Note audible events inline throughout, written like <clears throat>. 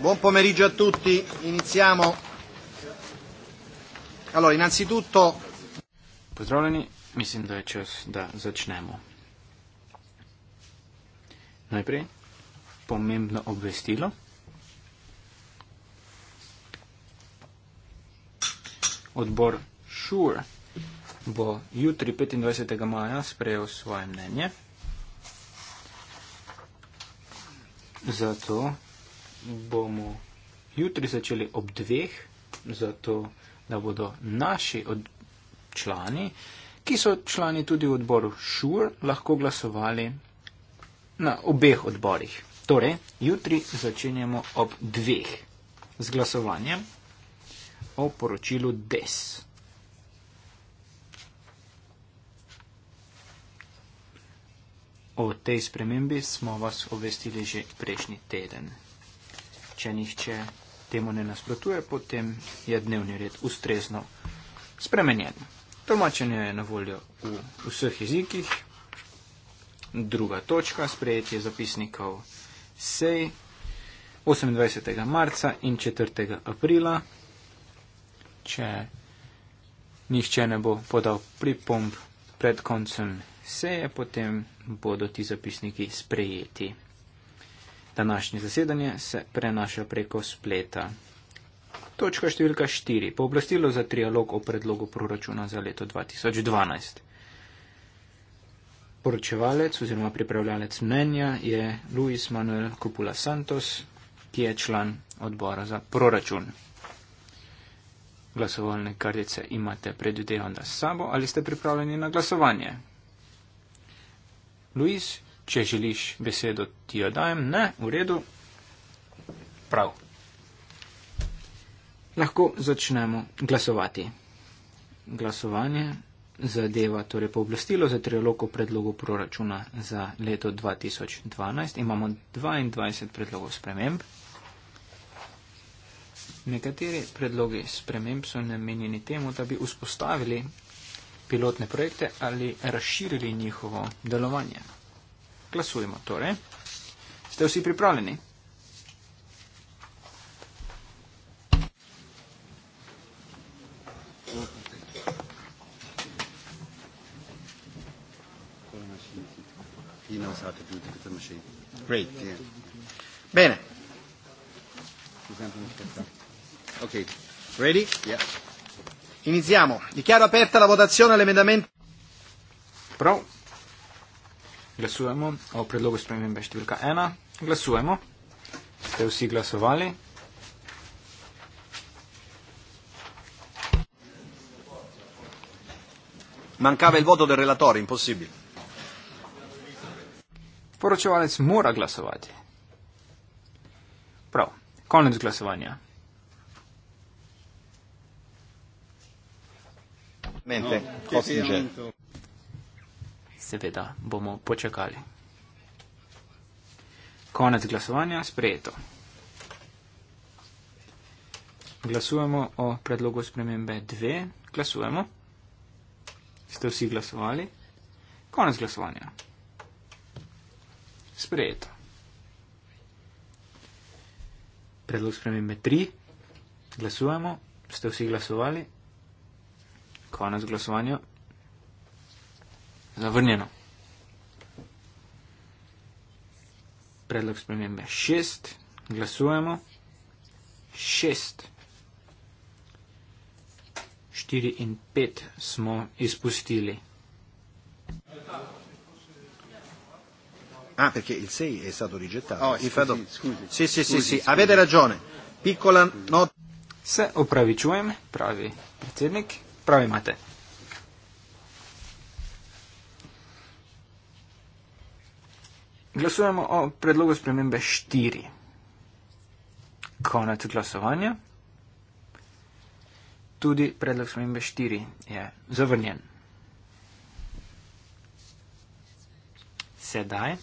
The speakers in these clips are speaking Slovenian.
Buon pomeriggio a tutti, iniziamo. Allora, innanzitutto... Pozdravljeni, mislim da je čas da začnemo. Najprej, pomembno obvestilo. Odbor Šur bo jutri 25. maja sprejel svoje mnenje. Zato bomo jutri začeli ob dveh, zato da bodo naši od, člani, ki so člani tudi v odboru ŠUR, sure, lahko glasovali na obeh odborih. Torej, jutri začenjamo ob dveh z glasovanjem o poročilu DES. O tej spremembi smo vas obvestili že prejšnji teden če nihče temu ne nasprotuje, potem je dnevni red ustrezno spremenjen. Tolmačenje je na voljo v vseh jezikih. Druga točka, sprejetje zapisnikov sej 28. marca in 4. aprila. Če nihče ne bo podal pripomb pred koncem seje, potem bodo ti zapisniki sprejeti. Današnje zasedanje se prenaša preko spleta. Točka številka 4. Pooblastilo za trialog o predlogu proračuna za leto 2012. Poročevalec oziroma pripravljalec mnenja je Luis Manuel Kupula Santos, ki je član odbora za proračun. Glasovalne kartice imate predvidevane s sabo ali ste pripravljeni na glasovanje? Luis, Če želiš besedo, ti jo dajem. Ne, v redu. Prav. Lahko začnemo glasovati. Glasovanje zadeva torej pooblastilo za trialog o predlogu proračuna za leto 2012. Imamo 22 predlogov sprememb. Nekateri predlogi sprememb so namenjeni temu, da bi vzpostavili pilotne projekte ali razširili njihovo delovanje glasujemo. Torej. Ste vsi pripravljeni? Bene. Ok, ready? Yeah. Iniziamo. Dichiaro aperta la votazione all'emendamento. Pronto. Glasujemo o predlogu spremembe številka ena. Glasujemo. Ste vsi glasovali? Manjkava je vodo, da je relator, impossibil. Poročevalec mora glasovati. Prav, konec glasovanja. Mente, no, seveda bomo počakali. Konec glasovanja, sprejeto. Glasujemo o predlogu spremembe 2. Glasujemo. Ste vsi glasovali? Konec glasovanja. Sprejeto. Predlog spremembe 3. Glasujemo. Ste vsi glasovali? Konec glasovanja zavrnjeno. Predlog spremembe šest, glasujemo šest. Štiri in pet smo izpustili. Ah, perché il 6 è stato rigettato. Oh, infatti, scusi, scusi. Sì, sì, scusi, sì, sì, scusi. avete ragione. Piccola nota. Se opravičujem, pravi predsednik, pravi mate. Glasujemo o predlogu spremembe 4. Konec glasovanja. Tudi predlog spremembe 4 je zavrnjen. Sedaj.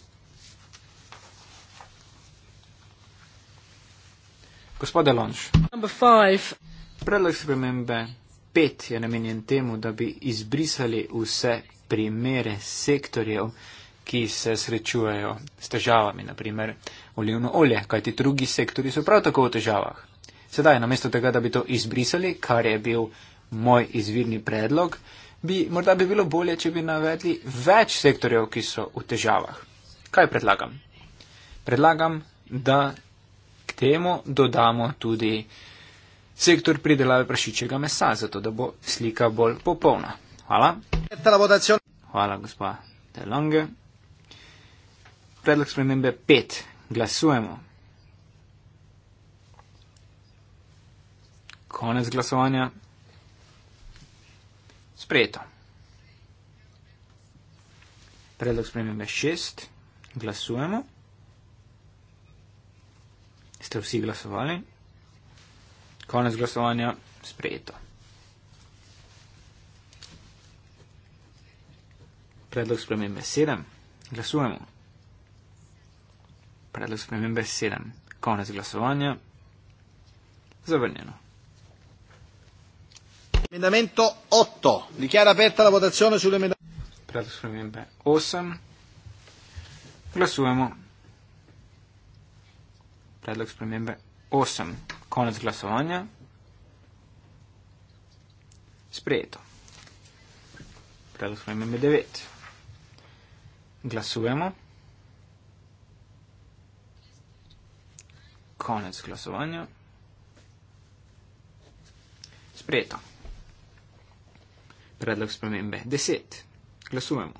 Gospod Alonš. Predlog spremembe 5 je namenjen temu, da bi izbrisali vse primere sektorjev, ki se srečujejo s težavami, naprimer olivno olje, kajti drugi sektori so prav tako v težavah. Sedaj, namesto tega, da bi to izbrisali, kar je bil moj izvirni predlog, bi morda bi bilo bolje, če bi navedli več sektorjev, ki so v težavah. Kaj predlagam? Predlagam, da k temu dodamo tudi sektor pridelave prašičjega mesa, zato da bo slika bolj popolna. Hvala. Hvala, gospa De Lange predlog spremembe 5. Glasujemo. Konec glasovanja. Sprejeto. Predlog spremembe 6. Glasujemo. Ste vsi glasovali? Konec glasovanja. Sprejeto. Predlog spremembe 7. Glasujemo predlog spremembe 7. Konec glasovanja. Zavrnjeno. Emendamento 8. Dichiara aperta la votazione sull'emendamento. Predlog spremembe 8. Glasujemo. Predlog spremembe 8. Konec glasovanja. Sprejeto. Predlog spremembe 9. Glasujemo. konec glasovanja. Sprejeto. Predlog spremembe. Deset. Glasujemo.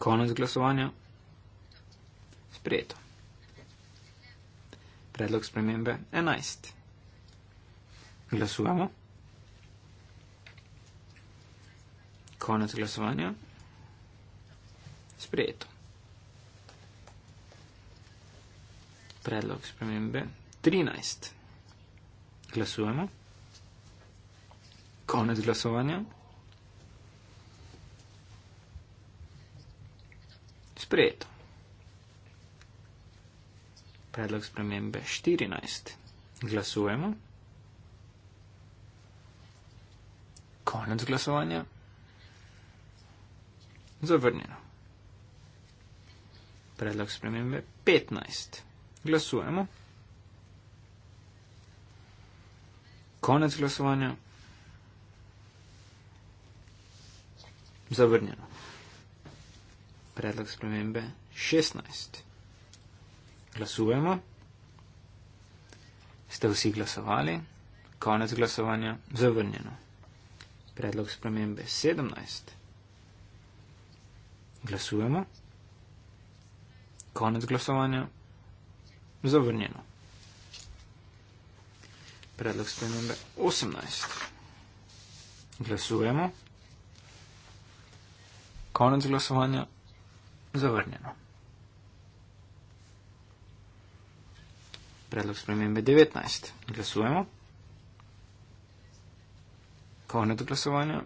Konec glasovanja. Sprejeto. Predlog spremembe. Enajst. Glasujemo. Konec glasovanja sprejeto. Predlog spremembe 13. Glasujemo. Konec glasovanja. Sprejeto. Predlog spremembe 14. Glasujemo. Konec glasovanja. Zavrnjeno predlog spremembe 15. Glasujemo. Konec glasovanja. Zavrnjeno. Predlog spremembe 16. Glasujemo. Ste vsi glasovali? Konec glasovanja. Zavrnjeno. Predlog spremembe 17. Glasujemo. Konec glasovanja. Zavrnjeno. Predlog spremembe 18. Glasujemo. Konec glasovanja. Zavrnjeno. Predlog spremembe 19. Glasujemo. Konec glasovanja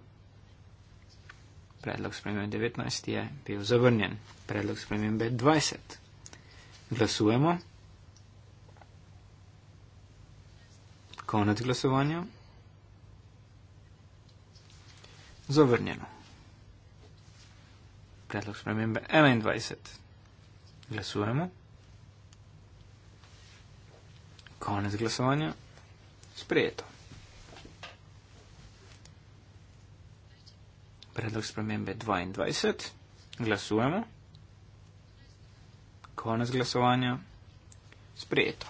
predlog spremembe 19 je bil zavrnjen, predlog spremembe 20. Glasujemo. Konec glasovanja. Zavrnjeno. Predlog spremembe 21. Glasujemo. Konec glasovanja. Sprejeto. predlog spremembe 22. Glasujemo. Konec glasovanja. Sprejeto.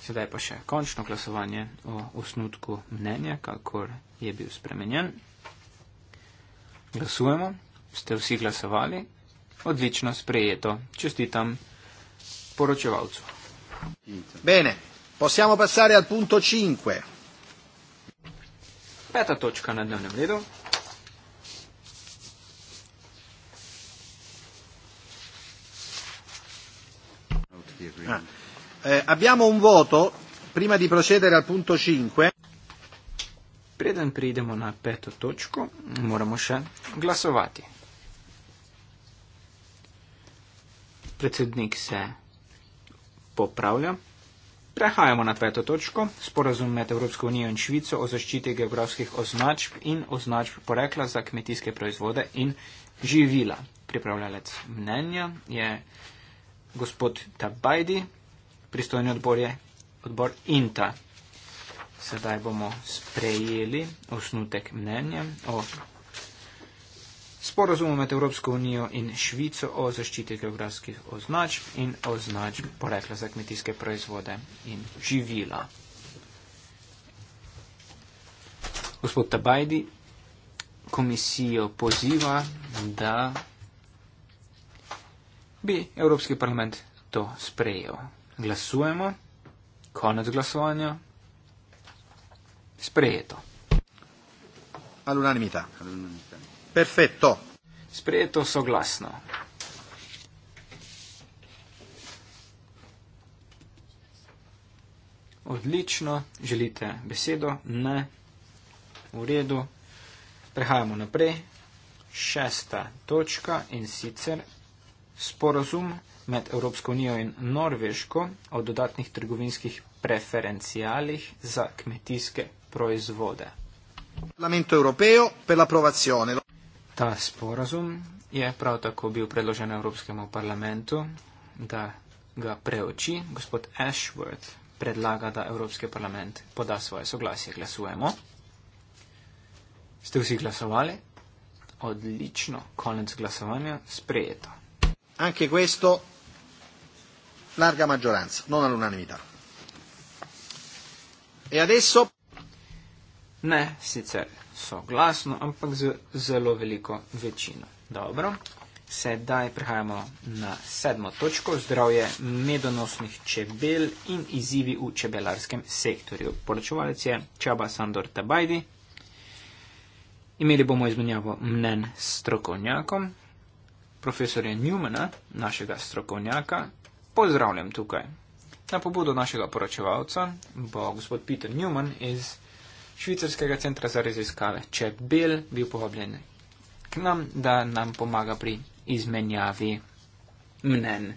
Sedaj pa še končno glasovanje o osnutku mnenja, kakor je bil spremenjen. Glasujemo. Ste vsi glasovali? Odlično, sprejeto. Čestitam poročevalcu. Bene, possiamo passare al punto 5 peta točka na dnevnem redu. Ah. Eh, abbiamo un voto prima di procedere al punto 5. Preden pridemo na peto točko, moramo še glasovati. Predsednik se popravlja. Prehajamo na peto točko, sporazum med Evropsko unijo in Švico o zaščiti geografskih označb in označb porekla za kmetijske proizvode in živila. Pripravljalec mnenja je gospod Tabajdi, pristojni odbor je odbor INTA. Sedaj bomo sprejeli osnutek mnenja o sporozumu med Evropsko unijo in Švico o zaščiti geografskih označb in označb porekla za kmetijske proizvode in živila. Gospod Tabajdi komisijo poziva, da bi Evropski parlament to sprejel. Glasujemo. Konec glasovanja. Sprejeto. All'unanimità. All'unanimità. Perfetto. Sprejeto soglasno. Odlično, želite besedo? Ne. V redu. Prehajamo naprej. Šesta točka in sicer sporozum med Evropsko unijo in Norveško o dodatnih trgovinskih preferencijalih za kmetijske proizvode. Parlamento europeo per l'approvazione. Ta sporazum je prav tako bil predložen Evropskemu parlamentu, da ga preoči. Gospod Ashworth predlaga, da Evropski parlament poda svoje soglasje. Glasujemo. Ste vsi glasovali? Odlično. Konec glasovanja. Sprejeto. Anche questo larga maggioranza, non all'unanimità. E adesso? Ne, sicer soglasno, ampak z zelo veliko večino. Dobro, sedaj prehajamo na sedmo točko, zdravje medonosnih čebel in izzivi v čebelarskem sektorju. Poročevalec je Čaba Sandor Tabajdi. Imeli bomo izmenjavo mnen s strokovnjakom, profesorja Newmana, našega strokovnjaka. Pozdravljam tukaj. Na pobudo našega poročevalca bo gospod Peter Newman iz švicarskega centra za raziskave Čebel bil povabljen k nam, da nam pomaga pri izmenjavi mnen.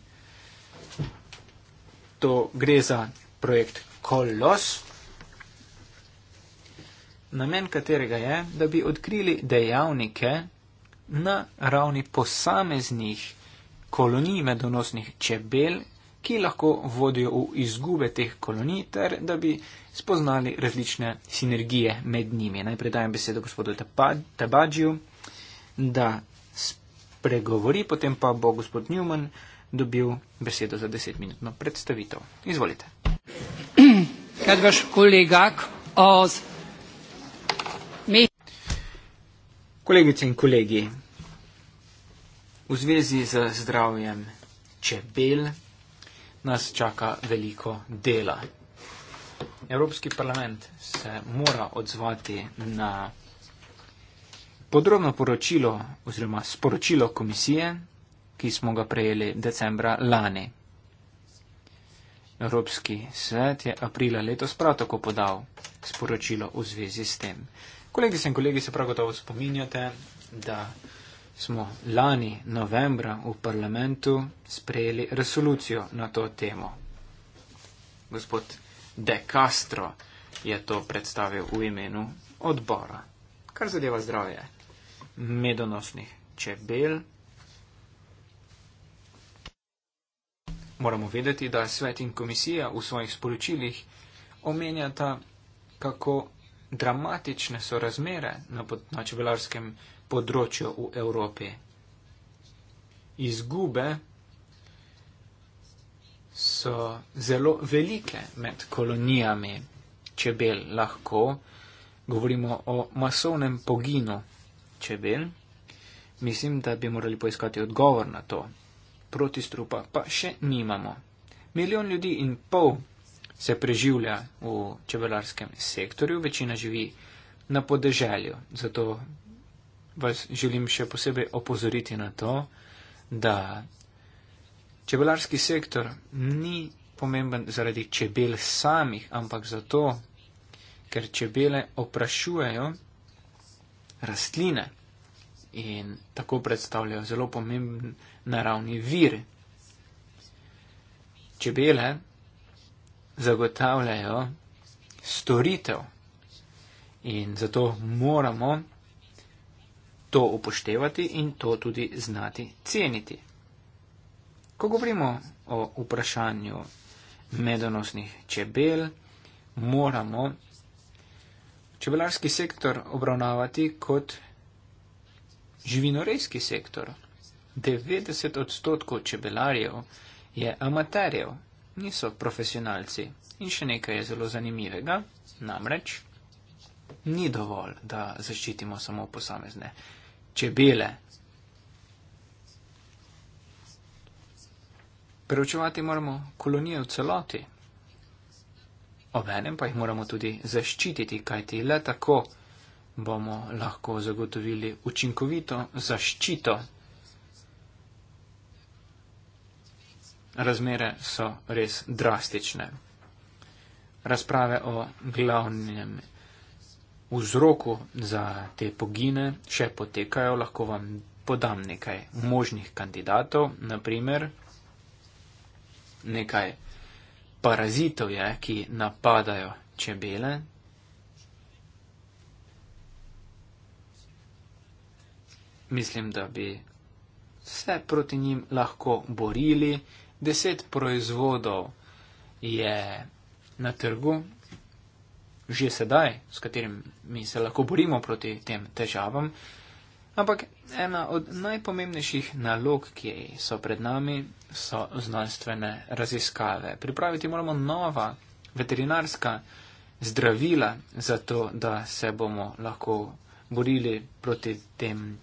To gre za projekt Kolos, namen katerega je, da bi odkrili dejavnike na ravni posameznih kolonij medonosnih čebel, ki lahko vodijo v izgube teh kolonij, ter da bi spoznali različne sinergije med njimi. Najprej dajem besedo gospodu Tabadžju, da spregovori, potem pa bo gospod Newman dobil besedo za desetminutno predstavitev. Izvolite. Kolegice in kolegi, v zvezi z zdravjem čebel nas čaka veliko dela. Evropski parlament se mora odzvati na podrobno poročilo oziroma sporočilo komisije, ki smo ga prejeli decembra lani. Evropski svet je aprila letos prav tako podal sporočilo v zvezi s tem. Kolegice in kolegi se prav gotovo spominjate, da smo lani novembra v parlamentu sprejeli resolucijo na to temo. Gospod De Castro je to predstavil v imenu odbora, kar zadeva zdravje medonosnih čebel. Moramo vedeti, da svet in komisija v svojih sporočilih omenjata, kako dramatične so razmere na, na čebelarskem področju področju v Evropi. Izgube so zelo velike med kolonijami čebel lahko. Govorimo o masovnem poginu čebel. Mislim, da bi morali poiskati odgovor na to. Proti strupa pa še nimamo. Milijon ljudi in pol se preživlja v čebelarskem sektorju, večina živi na podeželju, zato vas želim še posebej opozoriti na to, da čebelarski sektor ni pomemben zaradi čebel samih, ampak zato, ker čebele oprašujejo rastline in tako predstavljajo zelo pomemben naravni vir. Čebele zagotavljajo storitev in zato moramo to upoštevati in to tudi znati ceniti. Ko govorimo o vprašanju medonosnih čebel, moramo čebelarski sektor obravnavati kot živinorejski sektor. 90 odstotkov čebelarjev je amaterjev, niso profesionalci. In še nekaj je zelo zanimivega, namreč ni dovolj, da zaščitimo samo posamezne čebele. Preučevati moramo kolonije v celoti. Obenem pa jih moramo tudi zaščititi, kajti le tako bomo lahko zagotovili učinkovito zaščito. Razmere so res drastične. Razprave o glavnem vzroku za te pogine še potekajo, lahko vam podam nekaj možnih kandidatov, naprimer nekaj parazitov je, ki napadajo čebele. Mislim, da bi se proti njim lahko borili. Deset proizvodov je na trgu, že sedaj, s katerimi se lahko borimo proti tem težavam. Ampak ena od najpomembnejših nalog, ki so pred nami, so znanstvene raziskave. Pripraviti moramo nova veterinarska zdravila, zato da se bomo lahko borili proti tem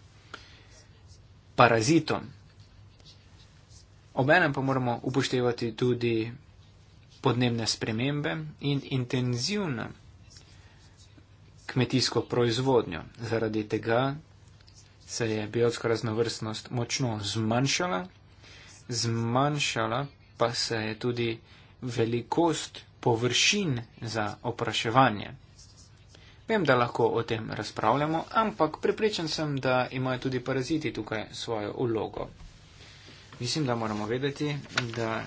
parazitom. Obenem pa moramo upoštevati tudi podnebne spremembe in intenzivno kmetijsko proizvodnjo. Zaradi tega se je biotska raznovrstnost močno zmanjšala, zmanjšala pa se je tudi velikost površin za opraševanje. Vem, da lahko o tem razpravljamo, ampak prepričan sem, da imajo tudi paraziti tukaj svojo ulogo. Mislim, da moramo vedeti, da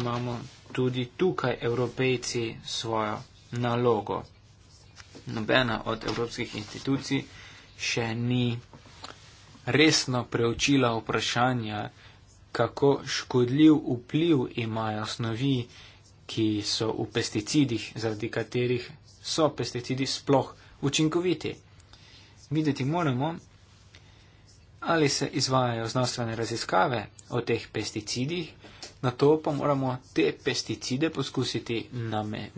imamo tudi tukaj evropejci svojo nalogo nobena od evropskih institucij še ni resno preučila vprašanja, kako škodljiv vpliv imajo snovi, ki so v pesticidih, zaradi katerih so pesticidi sploh učinkoviti. Videti moramo, ali se izvajajo znanstvene raziskave o teh pesticidih, na to pa moramo te pesticide poskusiti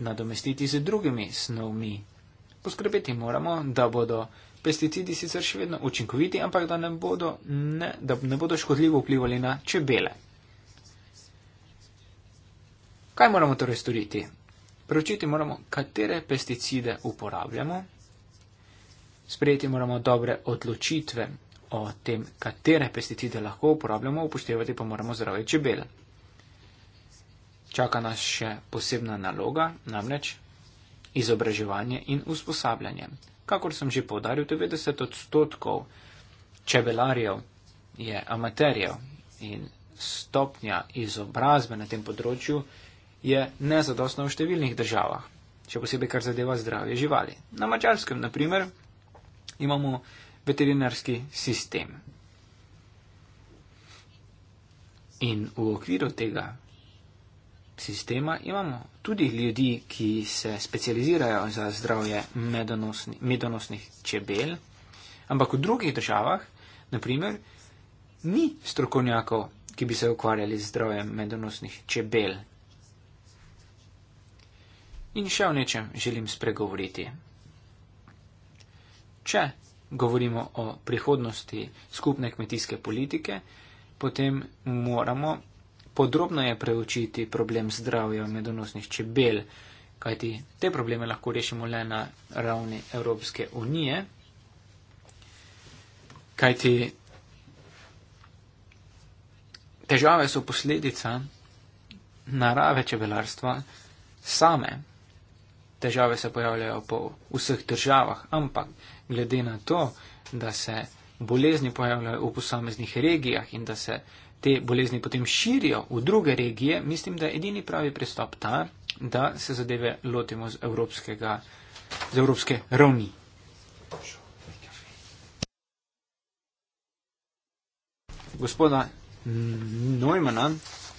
nadomestiti z drugimi snovmi, poskrbeti moramo, da bodo pesticidi sicer še vedno učinkoviti, ampak da ne bodo, ne, da ne bodo škodljivo vplivali na čebele. Kaj moramo torej storiti? Pročiti moramo, katere pesticide uporabljamo, sprejeti moramo dobre odločitve o tem, katere pesticide lahko uporabljamo, upoštevati pa moramo zdravje čebele. Čaka nas še posebna naloga, namreč izobraževanje in usposabljanje. Kakor sem že povdaril, 90 odstotkov čebelarjev je amaterjev in stopnja izobrazbe na tem področju je nezadostna v številnih državah, še posebej kar zadeva zdravje živali. Na mačarskem, na primer, imamo veterinarski sistem. In v okviru tega sistema imamo tudi ljudi, ki se specializirajo za zdravje medonosni, medonosnih čebel, ampak v drugih državah, naprimer, ni strokovnjakov, ki bi se ukvarjali z zdravjem medonosnih čebel. In še o nečem želim spregovoriti. Če govorimo o prihodnosti skupne kmetijske politike, potem moramo podrobno je preučiti problem zdravja medonosnih čebel, kajti te probleme lahko rešimo le na ravni Evropske unije, kajti težave so posledica narave čebelarstva same. Težave se pojavljajo po vseh državah, ampak glede na to, da se bolezni pojavljajo v posameznih regijah in da se te bolezni potem širijo v druge regije, mislim, da je edini pravi pristop ta, da se zadeve lotimo z, z evropske ravni. Gospoda Neumana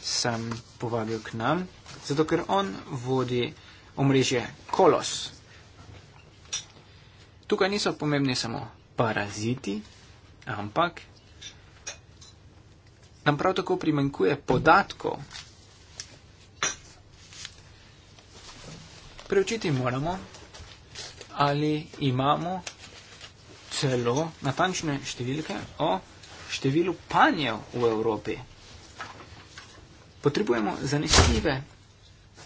sem povabil k nam, zato ker on vodi omrežje kolos. Tukaj niso pomembni samo paraziti, ampak nam prav tako primankuje podatkov. Preučiti moramo, ali imamo celo natančne številke o številu panjev v Evropi. Potrebujemo zanesljive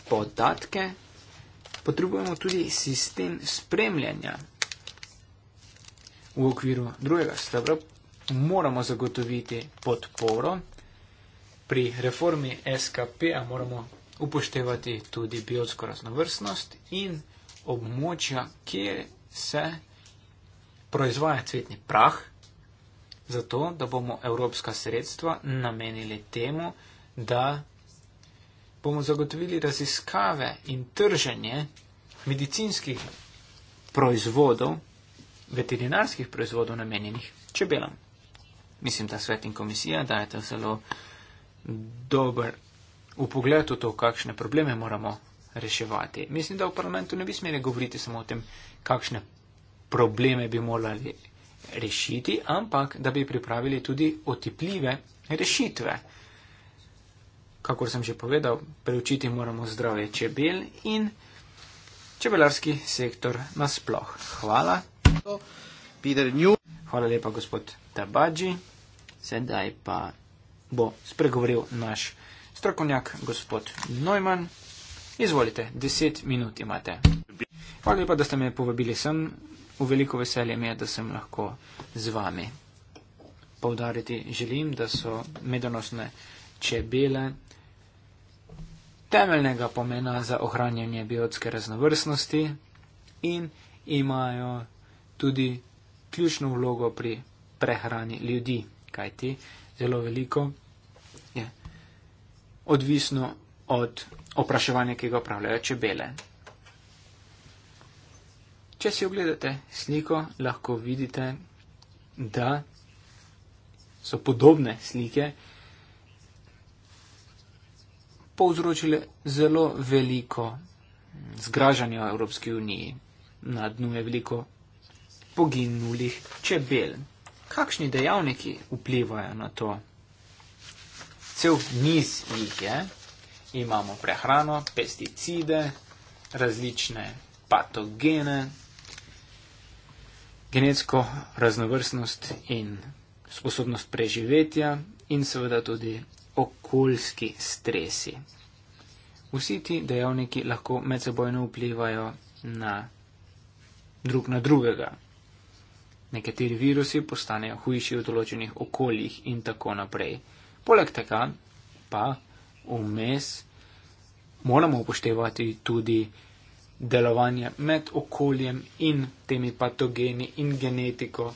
podatke, potrebujemo tudi sistem spremljanja v okviru drugega stavra moramo zagotoviti podporo. Pri reformi SKP moramo upoštevati tudi biotsko raznovrstnost in območja, kjer se proizvaja cvetni prah, zato da bomo evropska sredstva namenili temu, da bomo zagotovili raziskave in trženje medicinskih proizvodov, veterinarskih proizvodov namenjenih čebelam mislim, ta svet in komisija dajeta zelo dober upogled v to, kakšne probleme moramo reševati. Mislim, da v parlamentu ne bi smeli govoriti samo o tem, kakšne probleme bi morali rešiti, ampak da bi pripravili tudi otipljive rešitve. Kakor sem že povedal, preučiti moramo zdravje čebel in čebelarski sektor nasploh. Hvala. Peter New. Hvala lepa, gospod Tabadži. Sedaj pa bo spregovoril naš strokovnjak, gospod Neumann. Izvolite, deset minut imate. Hvala lepa, da ste me povabili sem. V veliko veselje mi je, da sem lahko z vami. Povdariti želim, da so medonosne čebele temeljnega pomena za ohranjanje biotske raznovrstnosti in imajo tudi ključno vlogo pri prehrani ljudi, kajti zelo veliko je odvisno od opraševanja, ki ga upravljajo čebele. Če si ogledate sliko, lahko vidite, da so podobne slike povzročile zelo veliko zgražanja v Evropski uniji. Na dnu je veliko poginulih čebel. Kakšni dejavniki vplivajo na to? Cel niz jih je. Imamo prehrano, pesticide, različne patogene, genetsko raznovrstnost in sposobnost preživetja in seveda tudi okoljski stresi. Vsi ti dejavniki lahko medsebojno vplivajo na drug na drugega nekateri virusi postanejo hujši v določenih okoljih in tako naprej. Poleg tega pa vmes moramo upoštevati tudi delovanje med okoljem in temi patogeni in genetiko.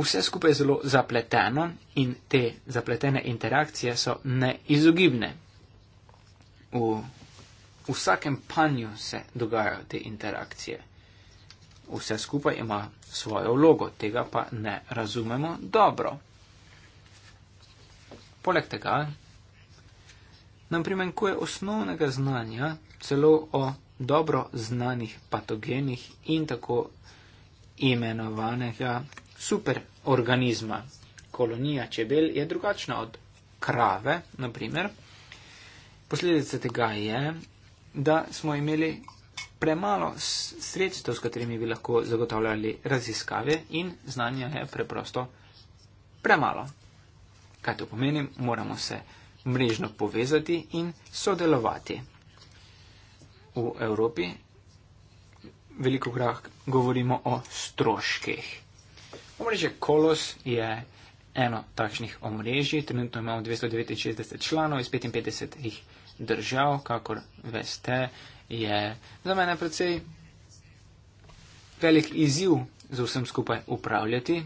Vse skupaj je zelo zapleteno in te zapletene interakcije so neizogibne. V vsakem panju se dogajajo te interakcije. Vse skupaj ima svojo vlogo, tega pa ne razumemo dobro. Poleg tega nam primankuje osnovnega znanja celo o dobro znanih patogenih in tako imenovanega superorganizma. Kolonija čebel je drugačna od krave, naprimer. Posledica tega je, da smo imeli premalo sredstev, s katerimi bi lahko zagotavljali raziskave in znanja je preprosto premalo. Kaj to pomeni? Moramo se mrežno povezati in sodelovati. V Evropi veliko krat govorimo o stroških. Omrežje Kolos je eno takšnih omrežij. Trenutno imamo 269 članov iz 55 držav, kakor veste, je za mene precej velik izziv z vsem skupaj upravljati.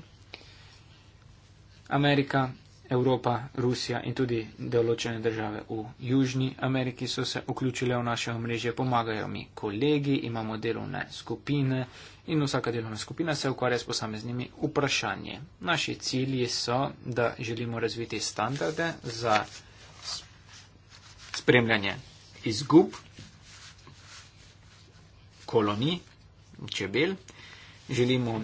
Amerika, Evropa, Rusija in tudi določene države v Južni Ameriki so se vključile v naše omrežje, pomagajo mi kolegi, imamo delovne skupine in vsaka delovna skupina se ukvarja s posameznimi vprašanji. Naši cilji so, da želimo razviti standarde za spremljanje izgub kolonij čebel. Želimo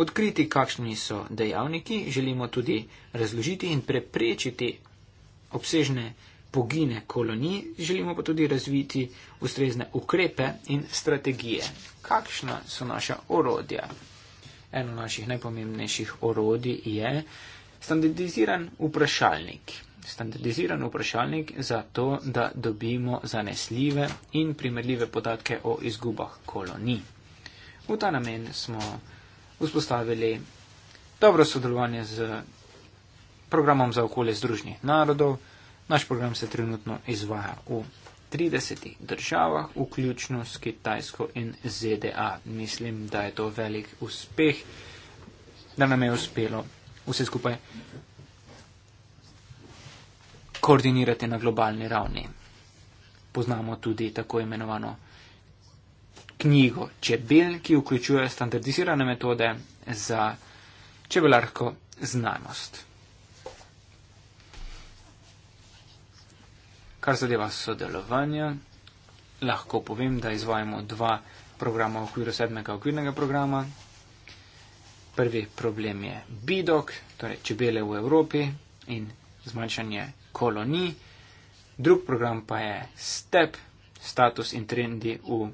odkriti, kakšni so dejavniki, želimo tudi razložiti in preprečiti obsežne pogine kolonij, želimo pa tudi razviti ustrezne ukrepe in strategije. Kakšna so naša orodja? Eno naših najpomembnejših orodij je standardiziran vprašalnik standardiziran vprašalnik za to, da dobimo zanesljive in primerljive podatke o izgubah kolonij. V ta namen smo vzpostavili dobro sodelovanje z programom za okolje Združnih narodov. Naš program se trenutno izvaja v 30 državah, vključno s Kitajsko in ZDA. Mislim, da je to velik uspeh, da nam je uspelo vse skupaj koordinirati na globalni ravni. Poznamo tudi tako imenovano knjigo Čebel, ki vključuje standardizirane metode za čebelarko znanost. Kar zadeva sodelovanje, lahko povem, da izvajamo dva programa v okviru sedmega okvirnega programa. Prvi problem je bidok, torej čebele v Evropi in zmanjšanje koloni. Drug program pa je STEP, status in trendi v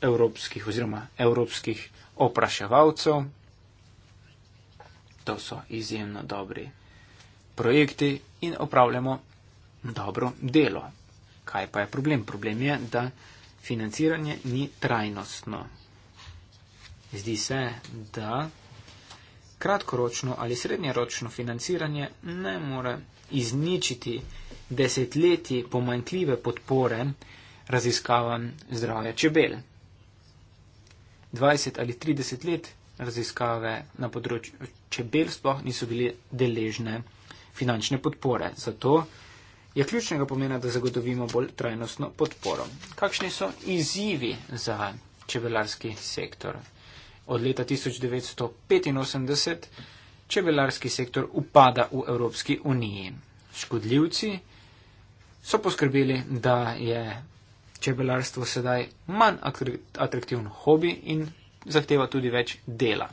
evropskih oziroma evropskih opraševalcev. To so izjemno dobri projekti in opravljamo dobro delo. Kaj pa je problem? Problem je, da financiranje ni trajnostno. Zdi se, da kratkoročno ali srednjeročno financiranje ne more izničiti desetletji pomankljive podpore raziskavam zdravja čebel. 20 ali 30 let raziskave na področju čebel sploh niso bile deležne finančne podpore. Zato je ključnega pomena, da zagotovimo bolj trajnostno podporo. Kakšni so izzivi za čebelarski sektor od leta 1985 čebelarski sektor upada v Evropski uniji. Škodljivci so poskrbeli, da je čebelarstvo sedaj manj atraktivn hobi in zahteva tudi več dela.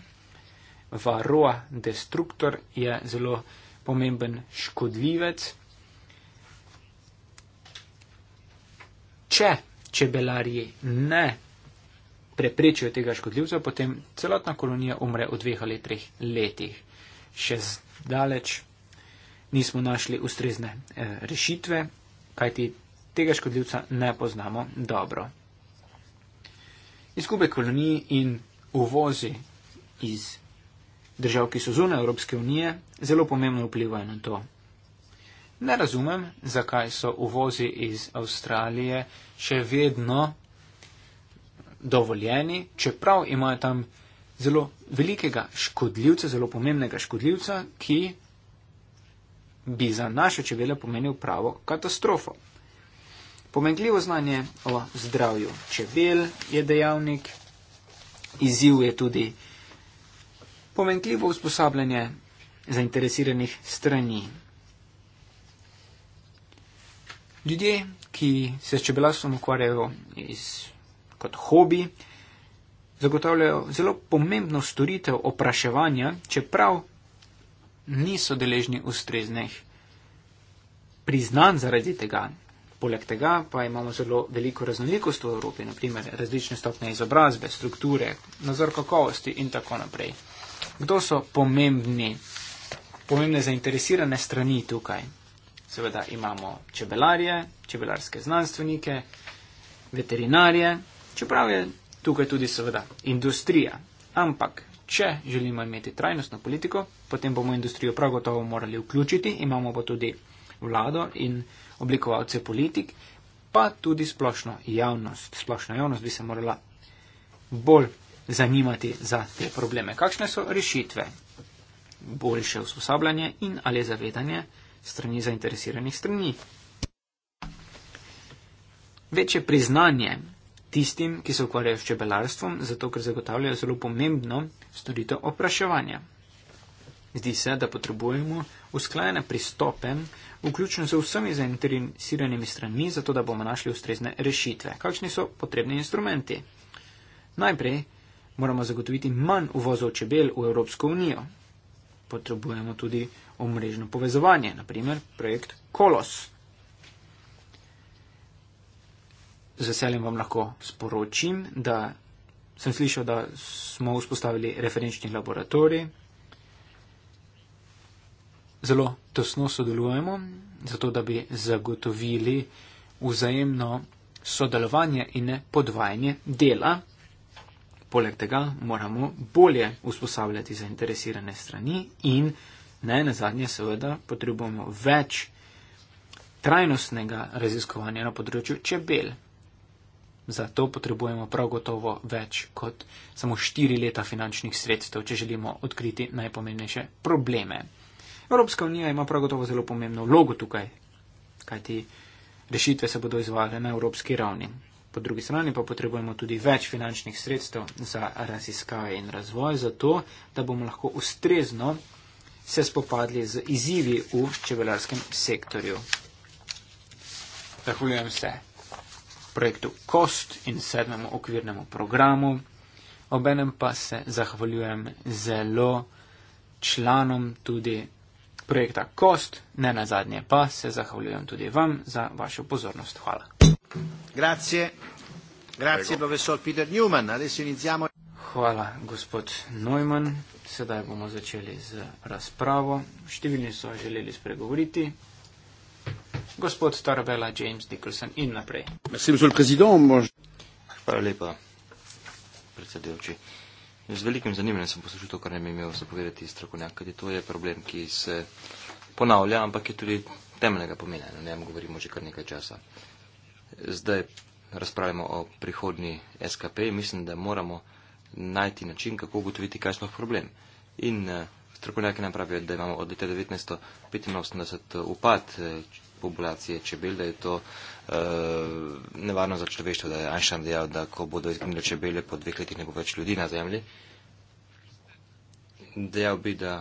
Varroa destruktor je zelo pomemben škodljivec. Če čebelarji ne preprečijo tega škodljivca, potem celotna kolonija umre v dveh ali treh letih. Še zdaleč nismo našli ustrezne eh, rešitve, kajti tega škodljivca ne poznamo dobro. Izgube kolonij in uvozi iz držav, ki so zunaj Evropske unije, zelo pomembno vplivajo na to. Ne razumem, zakaj so uvozi iz Avstralije še vedno dovoljeni, čeprav imajo tam zelo velikega škodljivca, zelo pomembnega škodljivca, ki bi za naše čebele pomenil pravo katastrofo. Pomenljivo znanje o zdravju čebel je dejavnik, izziv je tudi pomenljivo usposabljanje zainteresiranih strani. Ljudje, ki se s čebelarstvom ukvarjajo iz kot hobi, zagotavljajo zelo pomembno storitev opraševanja, čeprav niso deležni ustreznih priznanj zaradi tega. Poleg tega pa imamo zelo veliko raznolikost v Evropi, naprimer različne stopne izobrazbe, strukture, nazor kakovosti in tako naprej. Kdo so pomembni, pomembne zainteresirane strani tukaj? Seveda imamo čebelarje, čebelarske znanstvenike, veterinarje, čeprav je tukaj tudi seveda industrija. Ampak, če želimo imeti trajnostno politiko, potem bomo industrijo prav gotovo morali vključiti, imamo pa tudi vlado in oblikovalce politik, pa tudi splošno javnost. Splošna javnost bi se morala bolj zanimati za te probleme. Kakšne so rešitve? Boljše usposabljanje in ali zavedanje strani zainteresiranih strani. Večje priznanje tistim, ki se ukvarjajo s čebelarstvom, zato ker zagotavljajo zelo pomembno storitev opraševanja. Zdi se, da potrebujemo usklajene pristope, vključno z vsemi zainteresiranimi stranmi, zato da bomo našli ustrezne rešitve. Kakšni so potrebni instrumenti? Najprej moramo zagotoviti manj uvozov čebel v Evropsko unijo. Potrebujemo tudi omrežno povezovanje, naprimer projekt Kolos. z veseljem vam lahko sporočim, da sem slišal, da smo vzpostavili referenčni laboratorij. Zelo tesno sodelujemo, zato da bi zagotovili vzajemno sodelovanje in podvajanje dela. Poleg tega moramo bolje usposabljati zainteresirane strani in ne na zadnje seveda potrebujemo več trajnostnega raziskovanja na področju čebel. Za to potrebujemo prav gotovo več kot samo štiri leta finančnih sredstev, če želimo odkriti najpomembnejše probleme. Evropska unija ima prav gotovo zelo pomembno vlogo tukaj, kajti rešitve se bodo izvajale na evropski ravni. Po drugi strani pa potrebujemo tudi več finančnih sredstev za raziskave in razvoj, zato da bomo lahko ustrezno se spopadli z izzivi v čebelarskem sektorju. Zahvaljujem se projektu Kost in sedmemu okvirnemu programu. Obenem pa se zahvaljujem zelo članom tudi projekta Kost, ne nazadnje pa se zahvaljujem tudi vam za vašo pozornost. Hvala. Grazie. Grazie, Peter Newman. Iniziamo... Hvala, gospod Neumann. Sedaj bomo začeli z razpravo. Številni so želeli spregovoriti, gospod Tarabella James Nicholson in naprej. Hvala lepa, predsedujoči. Z velikim zanimanjem sem poslušal to, kar nam je imel zapovedati strokovnjak, kajti to je problem, ki se ponavlja, ampak je tudi temeljnega pomena. O njem govorimo že kar nekaj časa. Zdaj razpravljamo o prihodnji SKP. Mislim, da moramo najti način, kako ugotoviti, kaj smo problem. In eh, strokovnjaki nam pravijo, da imamo od leta 1985 eh, upad eh, populacije čebel, da je to uh, nevarno za človeštvo, da je Anšan dejal, da ko bodo izginile čebele, po dveh letih ne bo več ljudi na zemlji. Dejal bi, da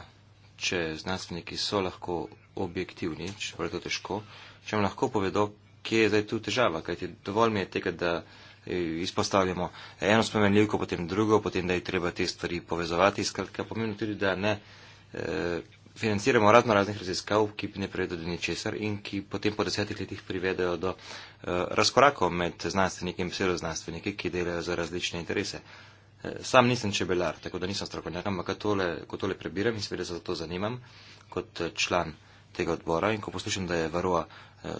če znanstveniki so lahko objektivni, čeprav je to težko, če vam lahko povedo, kje je zdaj tu težava, kajti dovolj mi je tega, da eh, izpostavljamo eno spremenljivko, potem drugo, potem da je treba te stvari povezovati, skratka pomembno tudi, da ne. Uh, financiramo razno raznih raziskav, ki ne privedo do ničesar in ki potem po desetih letih privedajo do eh, razkorakov med znanstveniki in pseudoznanstveniki, ki delajo za različne interese. Eh, sam nisem čebelar, tako da nisem strokovnjak, ampak tole, ko tole prebiram in seveda se za to zanimam kot eh, član tega odbora in ko poslušam, da je varoa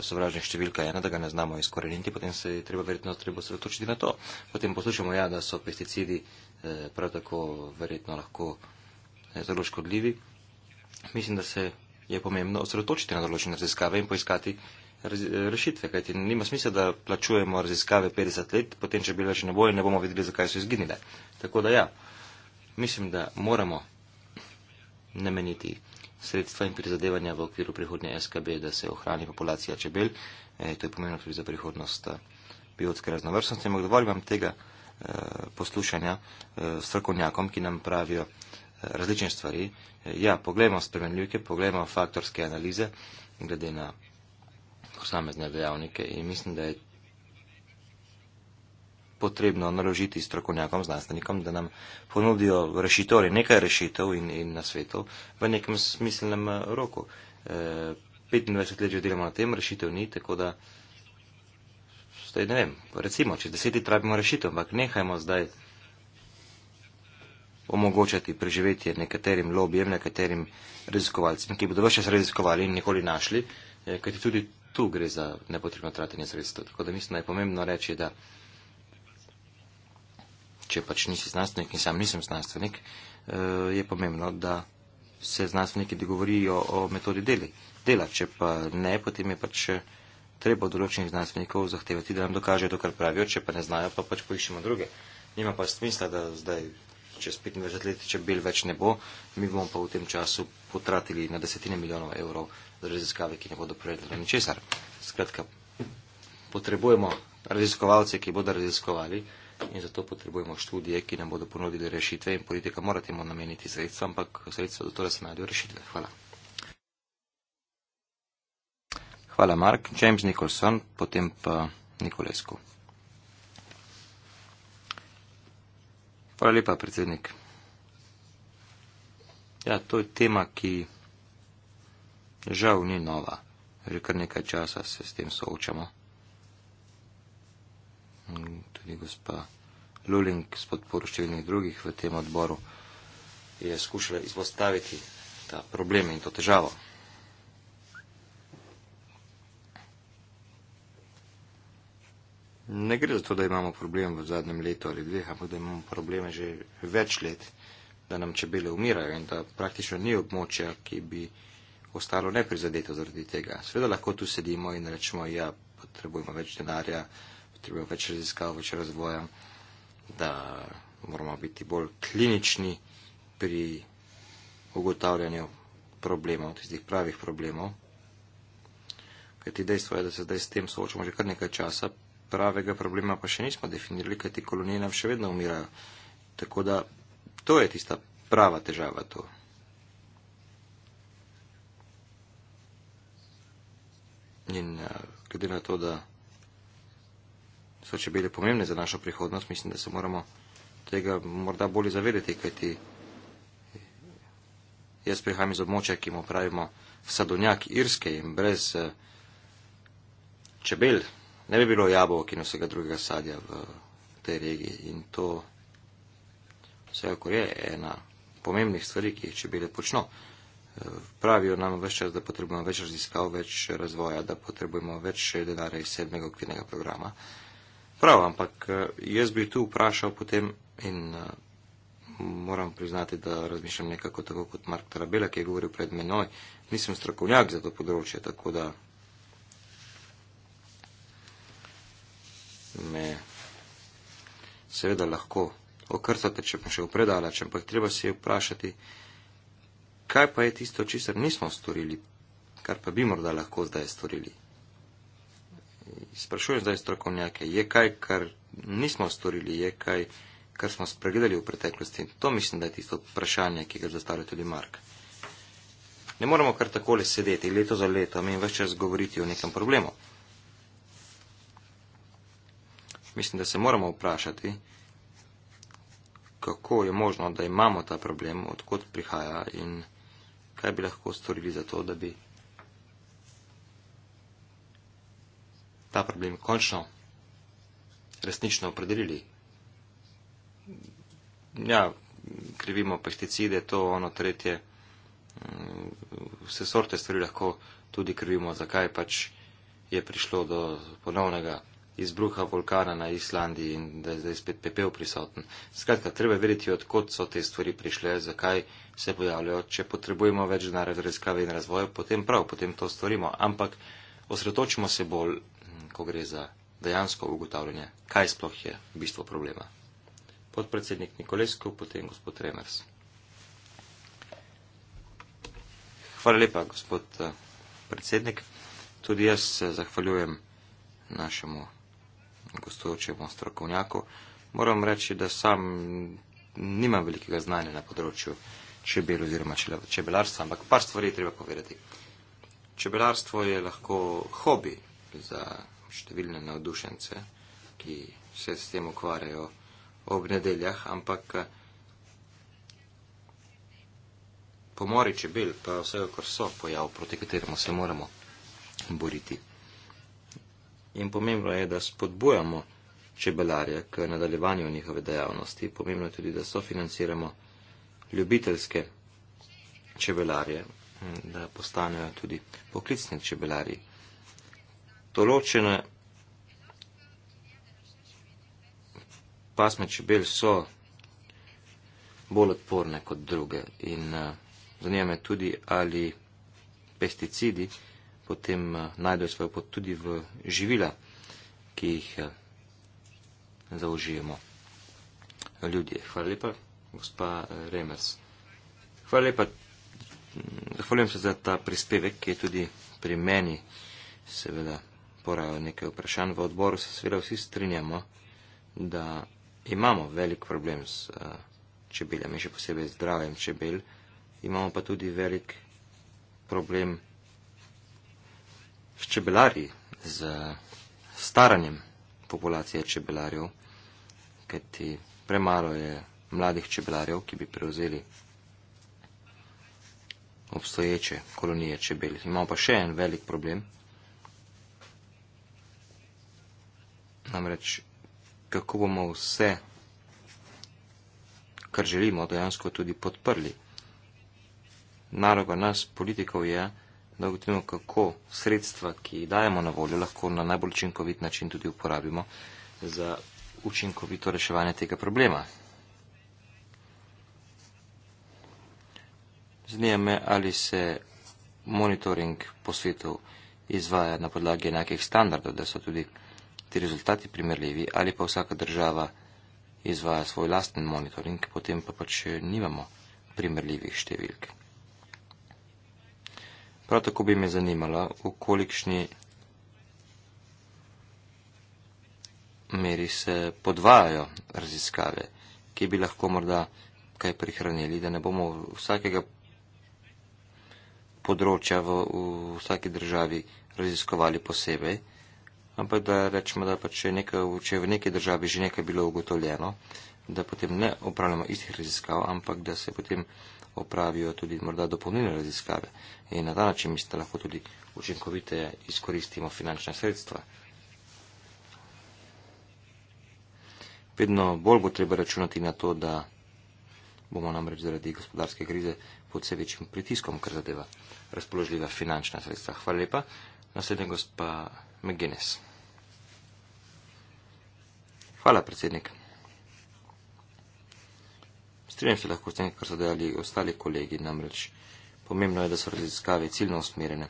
sovražnja številka ena, da ga ne znamo izkoreniti, potem se je treba verjetno treba osredotočiti na to. Potem poslušamo, ja, da so pesticidi prav tako verjetno lahko zelo škodljivi mislim, da se je pomembno osredotočiti na določene raziskave in poiskati rešitve, kajti nima smisla, da plačujemo raziskave 50 let, potem, če bi bile že na boju, ne bomo videli, zakaj so izginile. Tako da ja, mislim, da moramo nameniti sredstva in prizadevanja v okviru prihodnje SKB, da se ohrani populacija čebel. E, to je pomembno tudi za prihodnost e, biotske raznovrstnosti. Ampak dovolj vam tega e, poslušanja e, strokovnjakom, ki nam pravijo, različne stvari. Ja, poglejmo spremenljivke, poglejmo faktorske analize glede na posamezne dejavnike in mislim, da je potrebno naložiti strokovnjakom, znanstvenikom, da nam ponudijo rešitev ali nekaj rešitev in, in na svetu v nekem smiselnem eh, roku. E, eh, 25 let že delamo na tem, rešitev ni, tako da, stoj, ne vem, recimo, če deseti trabimo rešitev, ampak nehajmo zdaj omogočati preživetje nekaterim lobijem, nekaterim raziskovalcem, ki bodo vse raziskovali in nikoli našli, eh, kajti tudi tu gre za nepotrebno tratenje sredstev. Tako da mislim, da je pomembno reči, da če pač nisi znanstvenik in sam nisem znanstvenik, eh, je pomembno, da se znanstveniki dogovorijo o metodi deli. dela. Če pa ne, potem je pač eh, treba od določenih znanstvenikov zahtevati, da nam dokažejo to, kar pravijo, če pa ne znajo, pa pač poiščemo druge. Nima pa smisla, da zdaj čez 25 let, če bil več ne bo, mi bomo pa v tem času potratili na desetine milijonov evrov za raziskave, ki ne bodo prevedli ničesar. Skratka, potrebujemo raziskovalce, ki bodo raziskovali in zato potrebujemo študije, ki nam bodo ponudili rešitve in politika mora temu nameniti sredstva, ampak sredstva do tole se najdejo rešitve. Hvala. Hvala, Mark. James Nicholson, potem pa Nikolesku. Hvala lepa, predsednik. Ja, to je tema, ki žal ni nova. Že kar nekaj časa se s tem soočamo. Tudi gospa Luling s podporo številnih drugih v tem odboru je skušala izpostaviti ta problem in to težavo. ne gre za to, da imamo problem v zadnjem letu ali dveh, ampak da imamo probleme že več let, da nam čebele umirajo in da praktično ni območja, ki bi ostalo neprizadeto zaradi tega. Sveda lahko tu sedimo in rečemo, ja, potrebujemo več denarja, potrebujemo več raziskav, več razvoja, da moramo biti bolj klinični pri ugotavljanju problemov, tistih pravih problemov. Kajti dejstvo je, da se zdaj s tem soočamo že kar nekaj časa, pravega problema pa še nismo definirali, kaj ti kolonije nam še vedno umirajo. Tako da to je tista prava težava tu. In eh, glede na to, da so čebele pomembne za našo prihodnost, mislim, da se moramo tega morda bolje zavedati, kaj ti eh, jaz prihajam iz območja, ki mu pravimo sadonjak irske in brez eh, čebel ne bi bilo jabolk in vsega drugega sadja v tej regiji. In to vsekakor je ena pomembnih stvari, ki jih čebele počno. Pravijo nam več čas, da potrebujemo več raziskav, več razvoja, da potrebujemo več denarja iz sedmega okvirnega programa. Prav, ampak jaz bi tu vprašal potem in moram priznati, da razmišljam nekako tako kot Mark Tarabela, ki je govoril pred menoj. Nisem strokovnjak za to področje, tako da me seveda lahko okrcate, če pa še upredalač, ampak treba se je vprašati, kaj pa je tisto, česar nismo storili, kar pa bi morda lahko zdaj storili. Sprašujem zdaj strokovnjake, je kaj, kar nismo storili, je kaj, kar smo spregledali v preteklosti. To mislim, da je tisto vprašanje, ki ga zastavlja tudi Mark. Ne moremo kar takole sedeti leto za leto in več čas govoriti o nekem problemu mislim, da se moramo vprašati, kako je možno, da imamo ta problem, odkot prihaja in kaj bi lahko storili za to, da bi ta problem končno resnično opredelili. Ja, krivimo pesticide, to ono tretje, mm, vse sorte stvari lahko tudi krivimo, zakaj pač je prišlo do ponovnega izbruha vulkana na Islandiji in da je zdaj spet pepel prisoten. Skratka, treba vedeti, odkot so te stvari prišle, zakaj se pojavljajo. Če potrebujemo več denarja za raziskave in razvoj, potem prav, potem to storimo. Ampak osredotočimo se bolj, ko gre za dejansko ugotavljanje, kaj sploh je bistvo problema. Podpredsednik Nikolesko, potem gospod Remers. Hvala lepa, gospod eh, predsednik. Tudi jaz se zahvaljujem našemu gostujočemu strokovnjaku. Moram reči, da sam nimam velikega znanja na področju čebel oziroma čebelarstva, ampak par stvari treba povedati. Čebelarstvo je lahko hobi za številne navdušence, ki se s tem ukvarjajo ob nedeljah, ampak eh, pomori čebel pa vsega, kar so pojav, proti kateremu se moramo boriti in pomembno je, da spodbujamo čebelarje k nadaljevanju njihove dejavnosti. Pomembno je tudi, da sofinanciramo ljubiteljske čebelarje, da postanejo tudi poklicni čebelarji. Določene pasme čebel so bolj odporne kot druge in eh, zanima me tudi, ali pesticidi, potem eh, najdejo svojo pot tudi v živila, ki jih eh, zaužijemo ljudje. Hvala lepa, gospa eh, Remers. Hvala lepa, mm, zahvaljujem se za ta prispevek, ki je tudi pri meni seveda porajal nekaj vprašanj. V odboru se seveda vsi strinjamo, da imamo velik problem s čebeljami, še posebej zdravjem čebel, imamo pa tudi velik problem s čebelarji, z staranjem populacije čebelarjev, kajti premalo je mladih čebelarjev, ki bi prevzeli obstoječe kolonije čebel. Imamo pa še en velik problem. Namreč, kako bomo vse, kar želimo, dejansko tudi podprli. Naloga nas, politikov, je, da da ugotovimo, kako sredstva, ki jih dajemo na voljo, lahko na najbolj učinkovit način tudi uporabimo za učinkovito reševanje tega problema. Zanima me, ali se monitoring posvetov izvaja na podlagi enakih standardov, da so tudi ti rezultati primerljivi, ali pa vsaka država izvaja svoj lasten monitoring, potem pa pač nimamo primerljivih številk. Prav tako bi me zanimala, v kolikšni meri se podvajajo raziskave, ki bi lahko morda kaj prihranili, da ne bomo vsakega področja v, v vsaki državi raziskovali posebej, ampak da rečemo, da pa če, nekaj, če je v neki državi že nekaj bilo ugotovljeno, da potem ne opravljamo istih raziskav, ampak da se potem opravijo tudi morda dopolnilne raziskave in na ta način mislim, da lahko tudi učinkoviteje izkoristimo finančna sredstva. Vedno bolj bo treba računati na to, da bomo namreč zaradi gospodarske krize pod vse večjim pritiskom, kar zadeva razpoložljiva finančna sredstva. Hvala lepa. Naslednja gospa McGuinness. Hvala, predsednik. Strinjam se lahko s tem, kar so delali ostali kolegi, namreč pomembno je, da so raziskave ciljno usmerjene.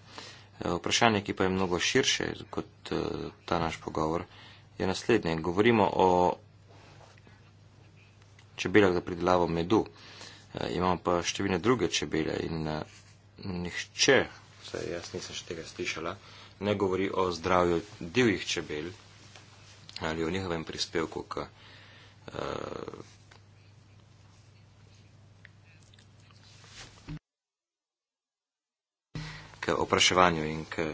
Eh, vprašanje, ki pa je mnogo širše kot eh, ta naš pogovor, je naslednje. Govorimo o čebelah za pridelavo medu. Eh, imamo pa številne druge čebele in nihče, vsaj jaz nisem še tega slišala, ne govori o zdravju divjih čebel ali o njihovem prispevku k. Uh, k opraševanju in k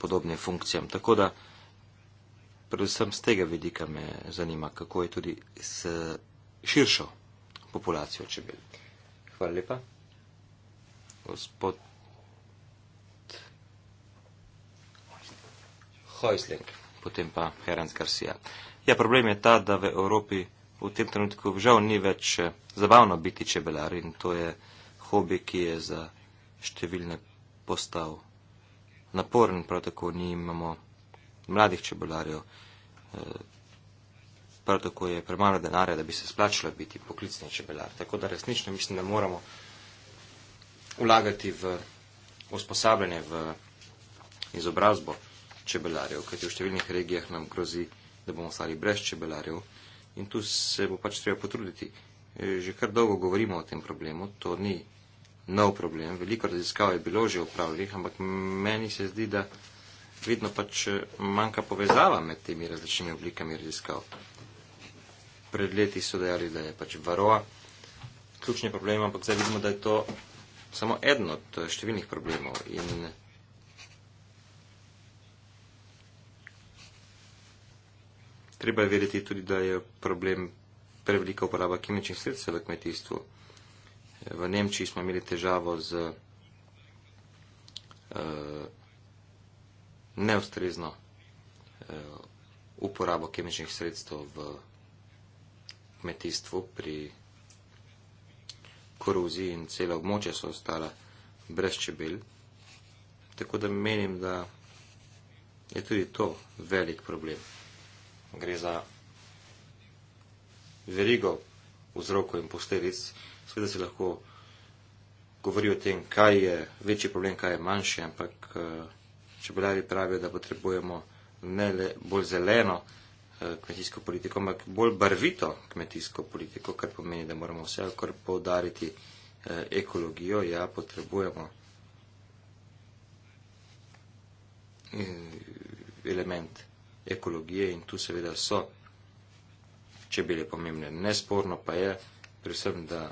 podobnim funkcijam. Tako da, predvsem z tega vidika me zanima, kako je tudi s širšo populacijo čebel. Hvala lepa. Gospod Hojsling, potem pa Herenc Garcia. Ja, problem je ta, da v Evropi v tem trenutku žal ni več zabavno biti čebelar in to je hobi, ki je za številne postal naporen, prav tako ni imamo mladih čebelarjev, eh, prav tako je premalo denarja, da bi se splačilo biti poklicni čebelar. Tako da resnično mislim, da moramo vlagati v usposabljanje, v izobrazbo čebelarjev, kajti v številnih regijah nam grozi, da bomo ostali brez čebelarjev in tu se bo pač treba potruditi. Eh, že kar dolgo govorimo o tem problemu, to ni nov problem. Veliko raziskav je bilo že upravljenih, ampak meni se zdi, da vidno pač eh, manjka povezava med temi različnimi oblikami raziskav. Pred leti so dejali, da je pač varoa ključni problem, ampak zdaj vidimo, da je to samo eden od eh, številnih problemov. In treba je vedeti tudi, da je problem prevelika uporaba kemičnih sredstev v kmetijstvu. V Nemčiji smo imeli težavo z uh, neustrezno uh, uporabo kemičnih sredstev v kmetijstvu pri koruziji in cele območje so ostala brez čebel. Tako da menim, da je tudi to velik problem. Gre za verigo vzrokov in posledic Seveda se lahko govori o tem, kaj je večji problem, kaj je manjši, ampak eh, čebeljari pravijo, da potrebujemo ne le bolj zeleno eh, kmetijsko politiko, ampak bolj barvito kmetijsko politiko, kar pomeni, da moramo vse kar podariti eh, ekologijo. Ja, potrebujemo element ekologije in tu seveda so čebele pomembne. Nesporno pa je, predvsem, da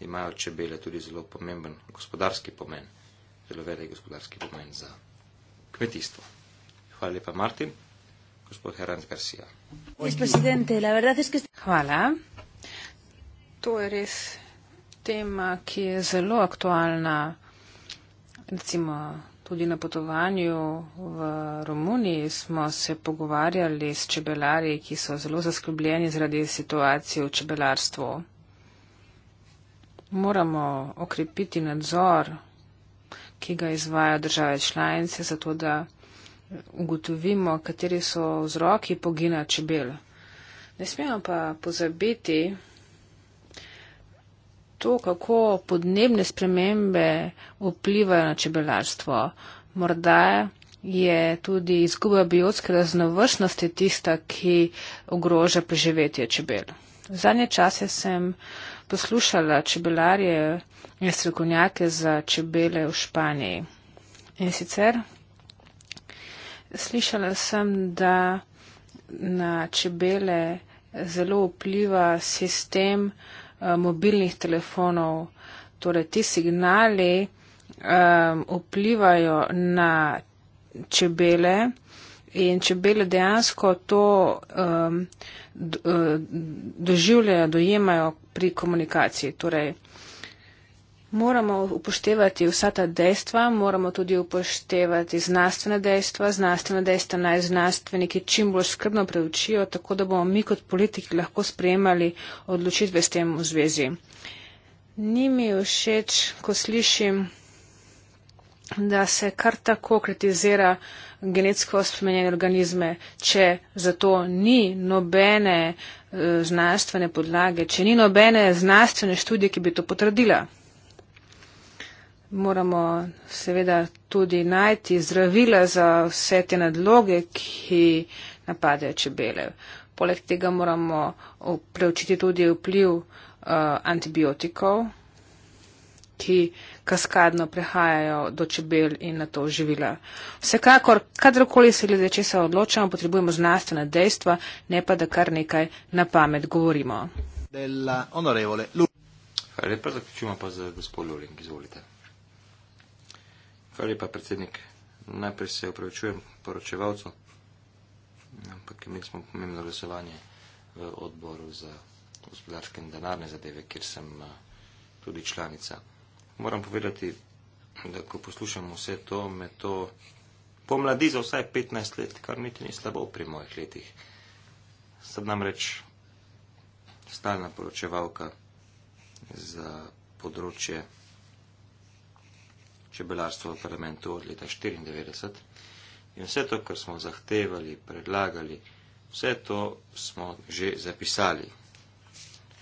imajo čebele tudi zelo pomemben gospodarski pomen, zelo velik gospodarski pomen za kmetijstvo. Hvala lepa, Martin. Gospod Herant Garcia. Hvala. To je res tema, ki je zelo aktualna, recimo tudi na potovanju v Romuniji smo se pogovarjali s čebelari, ki so zelo zaskrbljeni zaradi situacije v čebelarstvu moramo okrepiti nadzor, ki ga izvajo države članice, zato da ugotovimo, kateri so vzroki pogina čebel. Ne smemo pa pozabiti to, kako podnebne spremembe vplivajo na čebelarstvo. Morda je tudi izguba biotske raznovrstnosti tista, ki ogroža preživetje čebel. Zadnje čase sem poslušala čebelarje in strokovnjake za čebele v Španiji. In sicer slišala sem, da na čebele zelo vpliva sistem eh, mobilnih telefonov, torej ti signali um, vplivajo na čebele in čebele dejansko to um, Eh, doživljajo, dojemajo pri komunikaciji. Torej, moramo upoštevati vsa ta dejstva, moramo tudi upoštevati znanstvene dejstva. Znanstvene dejstva naj znanstveniki čim bolj skrbno preučijo, tako da bomo mi kot politiki lahko sprejemali odločitve s tem v zvezi. Ni mi všeč, ko slišim, da se kar tako kritizira genetsko spremenjene organizme, če za to ni nobene eh, znanstvene podlage, če ni nobene znanstvene študije, ki bi to potrdila. Moramo seveda tudi najti zdravila za vse te nadloge, ki napadejo čebele. Poleg tega moramo preučiti tudi vpliv uh, antibiotikov, ki uh, kaskadno prehajajo do čebel in na to živila. Vsekakor, kadarkoli se glede česa odločamo, potrebujemo znanstvena dejstva, ne pa da kar nekaj na pamet govorimo. Hvala lepa, zaključujemo pa za gospod Luring, izvolite. Hvala lepa, predsednik. Najprej se upravičujem poročevalcu, ampak imeli smo pomembno glasovanje v odboru za gospodarske in denarne zadeve, kjer sem eh, tudi članica. Moram povedati, da ko poslušam vse to, me to pomladi za vsaj 15 let, kar niti ni slabo pri mojih letih. Sem namreč stalna poročevalka za področje čebelarstva v parlamentu od leta 1994 in vse to, kar smo zahtevali, predlagali, vse to smo že zapisali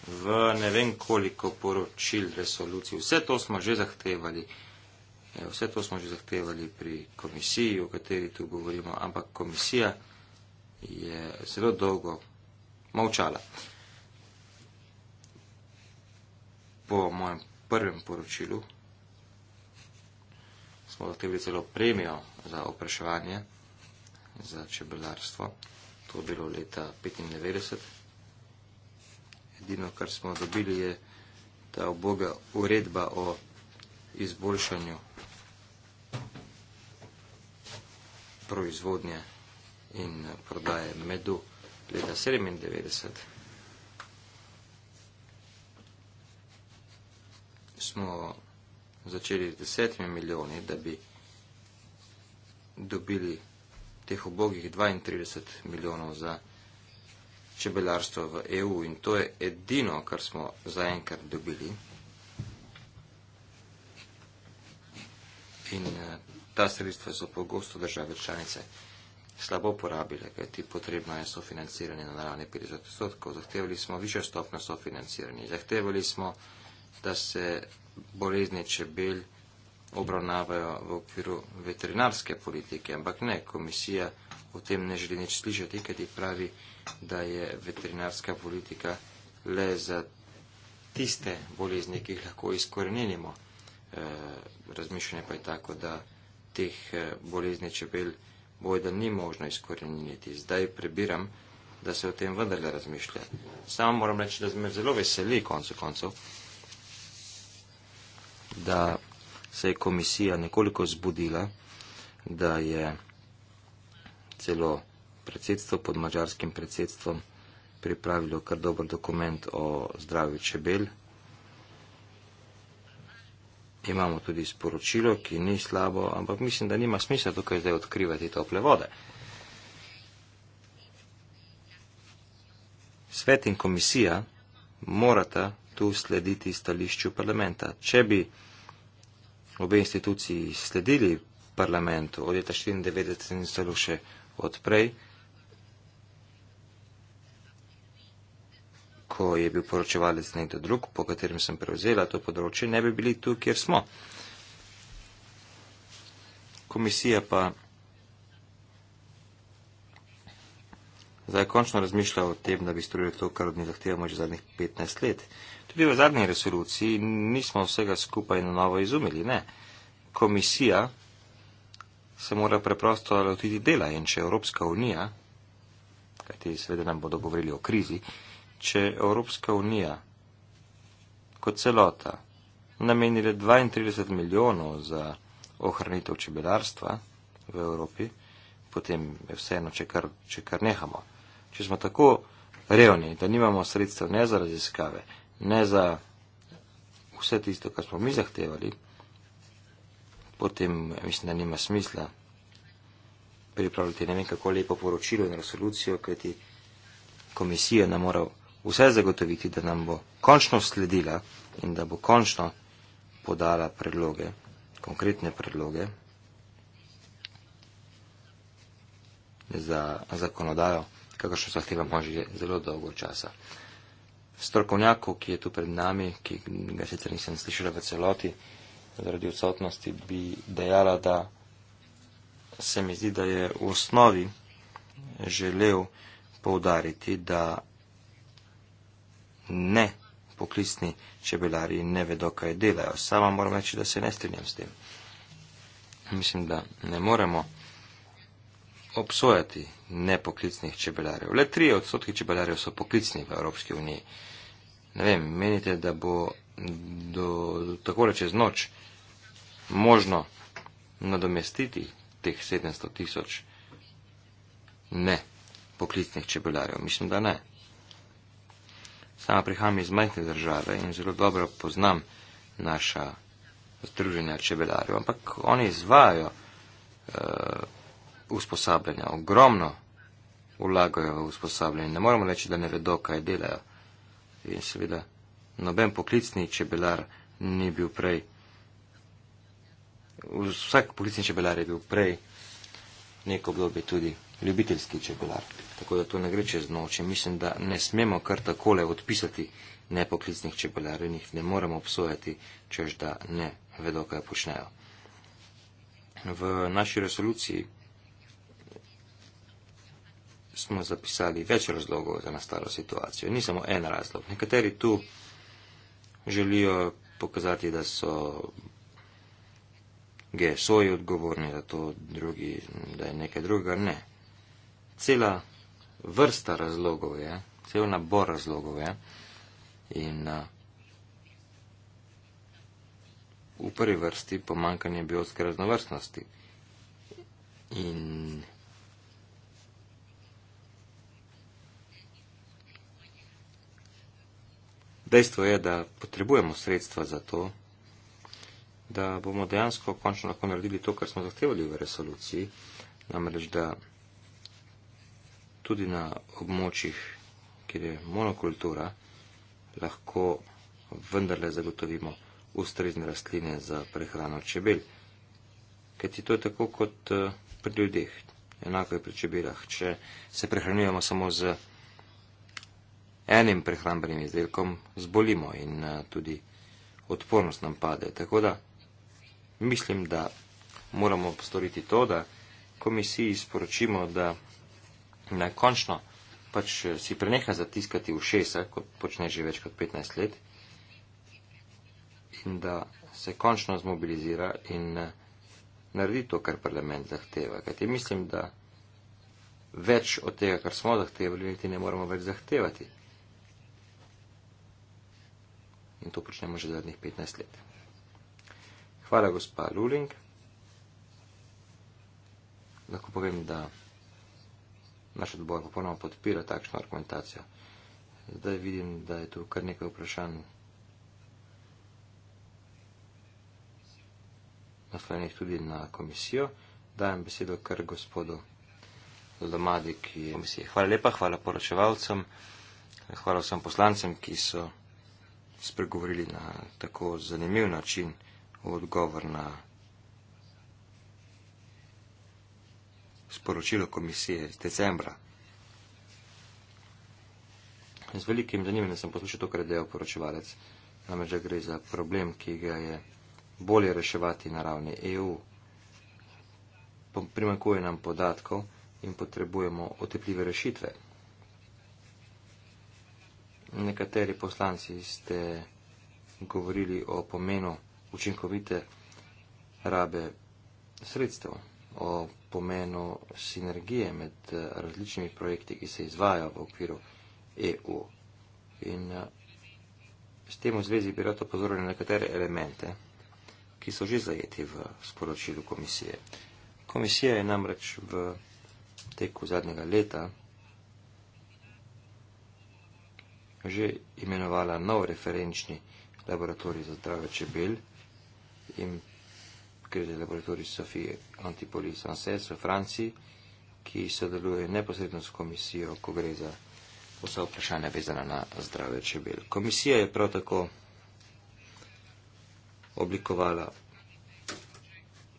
v ne vem koliko poročil resolucij. Vse to smo že zahtevali. E, vse to smo že zahtevali pri komisiji, o kateri tu govorimo, ampak komisija je zelo dolgo molčala. Po mojem prvem poročilu smo zahtevali celo premijo za opraševanje, za čebelarstvo. To je bilo leta 1995. Edino, kar smo dobili, je ta oboga uredba o izboljšanju proizvodnje in prodaje medu leta 97. Smo začeli z desetimi milijoni, da bi dobili teh obogih 32 milijonov za proizvodnje čebelarstva v EU in to je edino, kar smo zaenkrat dobili. In eh, ta sredstva so pogosto države članice slabo porabile, ker ti potrebno je sofinanciranje na naravne 50%. Zahtevali smo više stopno sofinanciranje. Zahtevali smo, da se bolezni čebelj obravnavajo v okviru veterinarske politike, ampak ne, komisija o tem ne želi nič slišati, ker ti pravi, da je veterinarska politika le za tiste bolezni, ki jih lahko izkorenimo. E, razmišljanje pa je tako, da teh e, bolezni čebel boj, da ni možno izkoreniniti. Zdaj prebiram, da se o tem vendarle razmišlja. Samo moram reči, da me zelo veseli koncu koncev, da se je komisija nekoliko zbudila, da je celo predsedstvo pod mačarskim predsedstvom pripravilo kar dober dokument o zdravju čebel. Imamo tudi sporočilo, ki ni slabo, ampak mislim, da nima smisla tukaj zdaj odkrivati tople vode. Svet in komisija morata tu slediti stališču parlamenta. Če bi obe instituciji sledili parlamentu od leta 1994 in celo še odprej, ko je bil poročevalec nekdo drug, po katerem sem prevzela to področje, ne bi bili tu, kjer smo. Komisija pa zdaj končno razmišlja o tem, da bi storili to, kar od njih zahtevamo že zadnjih 15 let. Tudi v zadnji resoluciji nismo vsega skupaj na novo izumili, ne. Komisija se mora preprosto lotiti dela in če Evropska unija, kajti seveda nam bodo govorili o krizi, če Evropska unija kot celota namenile 32 milijonov za ohranitev čebelarstva v Evropi, potem je vseeno, če kar, če kar nehamo. Če smo tako revni, da nimamo sredstev ne za raziskave, ne za vse tisto, kar smo mi zahtevali, potem ja, mislim, da nima smisla pripravljati ne vem kako lepo poročilo in resolucijo, kajti komisija nam mora vse zagotoviti, da nam bo končno sledila in da bo končno podala predloge, konkretne predloge za zakonodajo, kakršno zahtevamo že zelo dolgo časa. Strokovnjakov, ki je tu pred nami, ki ga sicer nisem slišala v celoti, zaradi odsotnosti, bi dejala, da se mi zdi, da je v osnovi želel poudariti, da ne poklicni čebelari ne vedo, kaj delajo. Sama moram reči, da se ne strinjam s tem. Mislim, da ne moremo obsojati nepoklicnih čebelarjev. Le 3 odstotki čebelarjev so poklicni v Evropski uniji. Ne vem, menite, da bo do, do, tako reče z noč možno nadomestiti teh 700 tisoč ne poklicnih čebelarjev? Mislim, da ne. Sama prihajam iz majhne države in zelo dobro poznam naša združenja čebelarjev, ampak oni izvajajo uh, usposabljanja, ogromno vlagajo v usposabljanje. Ne moramo reči, da ne vedo, kaj delajo. In seveda, noben poklicni čebelar ni bil prej vsak policijski čebelar je bil prej neko obdobje tudi ljubiteljski čebelar. Tako da to ne gre čez noč. Mislim, da ne smemo kar takole odpisati nepoklicnih čebelarjev in jih ne moremo obsojati, čež da ne vedo, kaj počnejo. V naši resoluciji smo zapisali več razlogov za nastalo situacijo. Ni samo en razlog. Nekateri tu želijo pokazati, da so GSO-ji odgovorni za to, drugi, da je nekaj drugega. Ne. Cela vrsta razlogov je, cel nabor razlogov je. In uh, v prvi vrsti pomankanje biotske raznovrstnosti. In dejstvo je, da potrebujemo sredstva za to, da bomo dejansko končno lahko naredili to, kar smo zahtevali v resoluciji, namreč da tudi na območjih, kjer je monokultura, lahko vendarle zagotovimo ustrezne rastline za prehrano čebel. Ker ti to je tako kot eh, pri ljudeh, enako je pri čebelah. Če se prehranjujemo samo z enim prehrambenim izdelkom, zbolimo in eh, tudi odpornost nam pade. Tako da Mislim, da moramo postoriti to, da komisiji sporočimo, da naj končno pač eh, si preneha zatiskati v šesa, kot počne že več kot 15 let, in da se končno zmobilizira in eh, naredi to, kar parlament zahteva. Kajti mislim, da več od tega, kar smo zahtevali, niti ne moramo več zahtevati. In to počnemo že zadnjih 15 let. Hvala, gospa Luling. Lahko povem, da naš odbor popolnoma podpira takšno argumentacijo. Zdaj vidim, da je tu kar nekaj vprašanj naslovljenih tudi na komisijo. Dajem besedo kar gospodu Lomadi, ki je komisije. Hvala lepa, hvala poročevalcem, hvala vsem poslancem, ki so spregovorili na tako zanimiv način odgovor na sporočilo komisije iz decembra. Z velikim zanimanjem sem poslušal to, kar je dejal poročevalec. Namreč gre za problem, ki ga je bolje reševati na ravni EU. Primankuje nam podatkov in potrebujemo otepljive rešitve. Nekateri poslanci ste govorili o pomenu učinkovite rabe sredstev, o pomenu sinergije med eh, različnimi projekti, ki se izvajo v okviru EU. In eh, s tem v zvezi bi rad opozoril na nekatere elemente, ki so že zajeti v sporočilu komisije. Komisija je namreč v teku zadnjega leta že imenovala nov referenčni laboratorij za zdrave čebel, in gre za laboratorij Sofije Antipolis Anses v Franciji, ki sodeluje neposredno s komisijo, ko gre za vsa vprašanja vezana na zdrave čebel. Komisija je prav tako oblikovala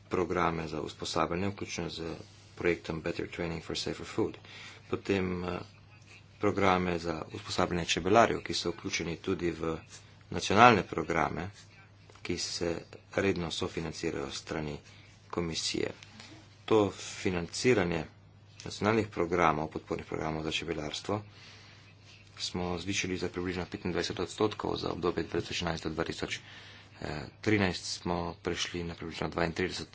programe za usposabljanje, vključno z projektom Better Training for Safer Food. Potem eh, programe za usposabljanje čebelarjev, ki so vključeni tudi v nacionalne programe, ki se redno sofinancirajo strani komisije. To financiranje nacionalnih programov, podpornih programov za čebelarstvo, smo zvišali za približno 25 odstotkov za obdobje 2016 do 2013 eh, smo prišli na približno 32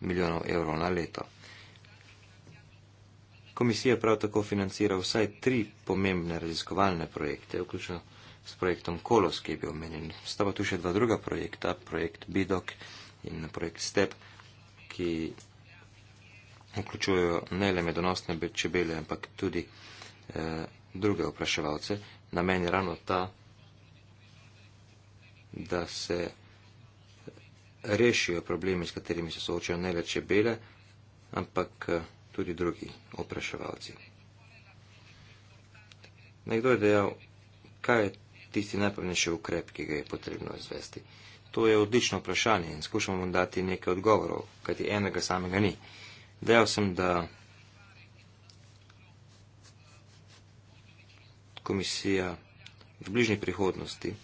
milijonov evrov na leto. Komisija prav tako financira vsaj tri pomembne raziskovalne projekte, vključno s projektom Kolos, ki je bil omenjen. Sta pa tu še dva druga projekta, projekt Bidok in projekt Step, ki vključujejo ne le medonosne čebele, ampak tudi eh, druge opraševalce. Namen je ravno ta, da se eh, rešijo problemi, s katerimi se soočajo ne le čebele, ampak eh, tudi drugi opraševalci. Nekdo je dejal, kaj je tisti najpomembnejši ukrep, ki ga je potrebno izvesti? To je odlično vprašanje in skušamo dati nekaj odgovorov, kajti enega samega ni. Dejal sem, da komisija v bližnji prihodnosti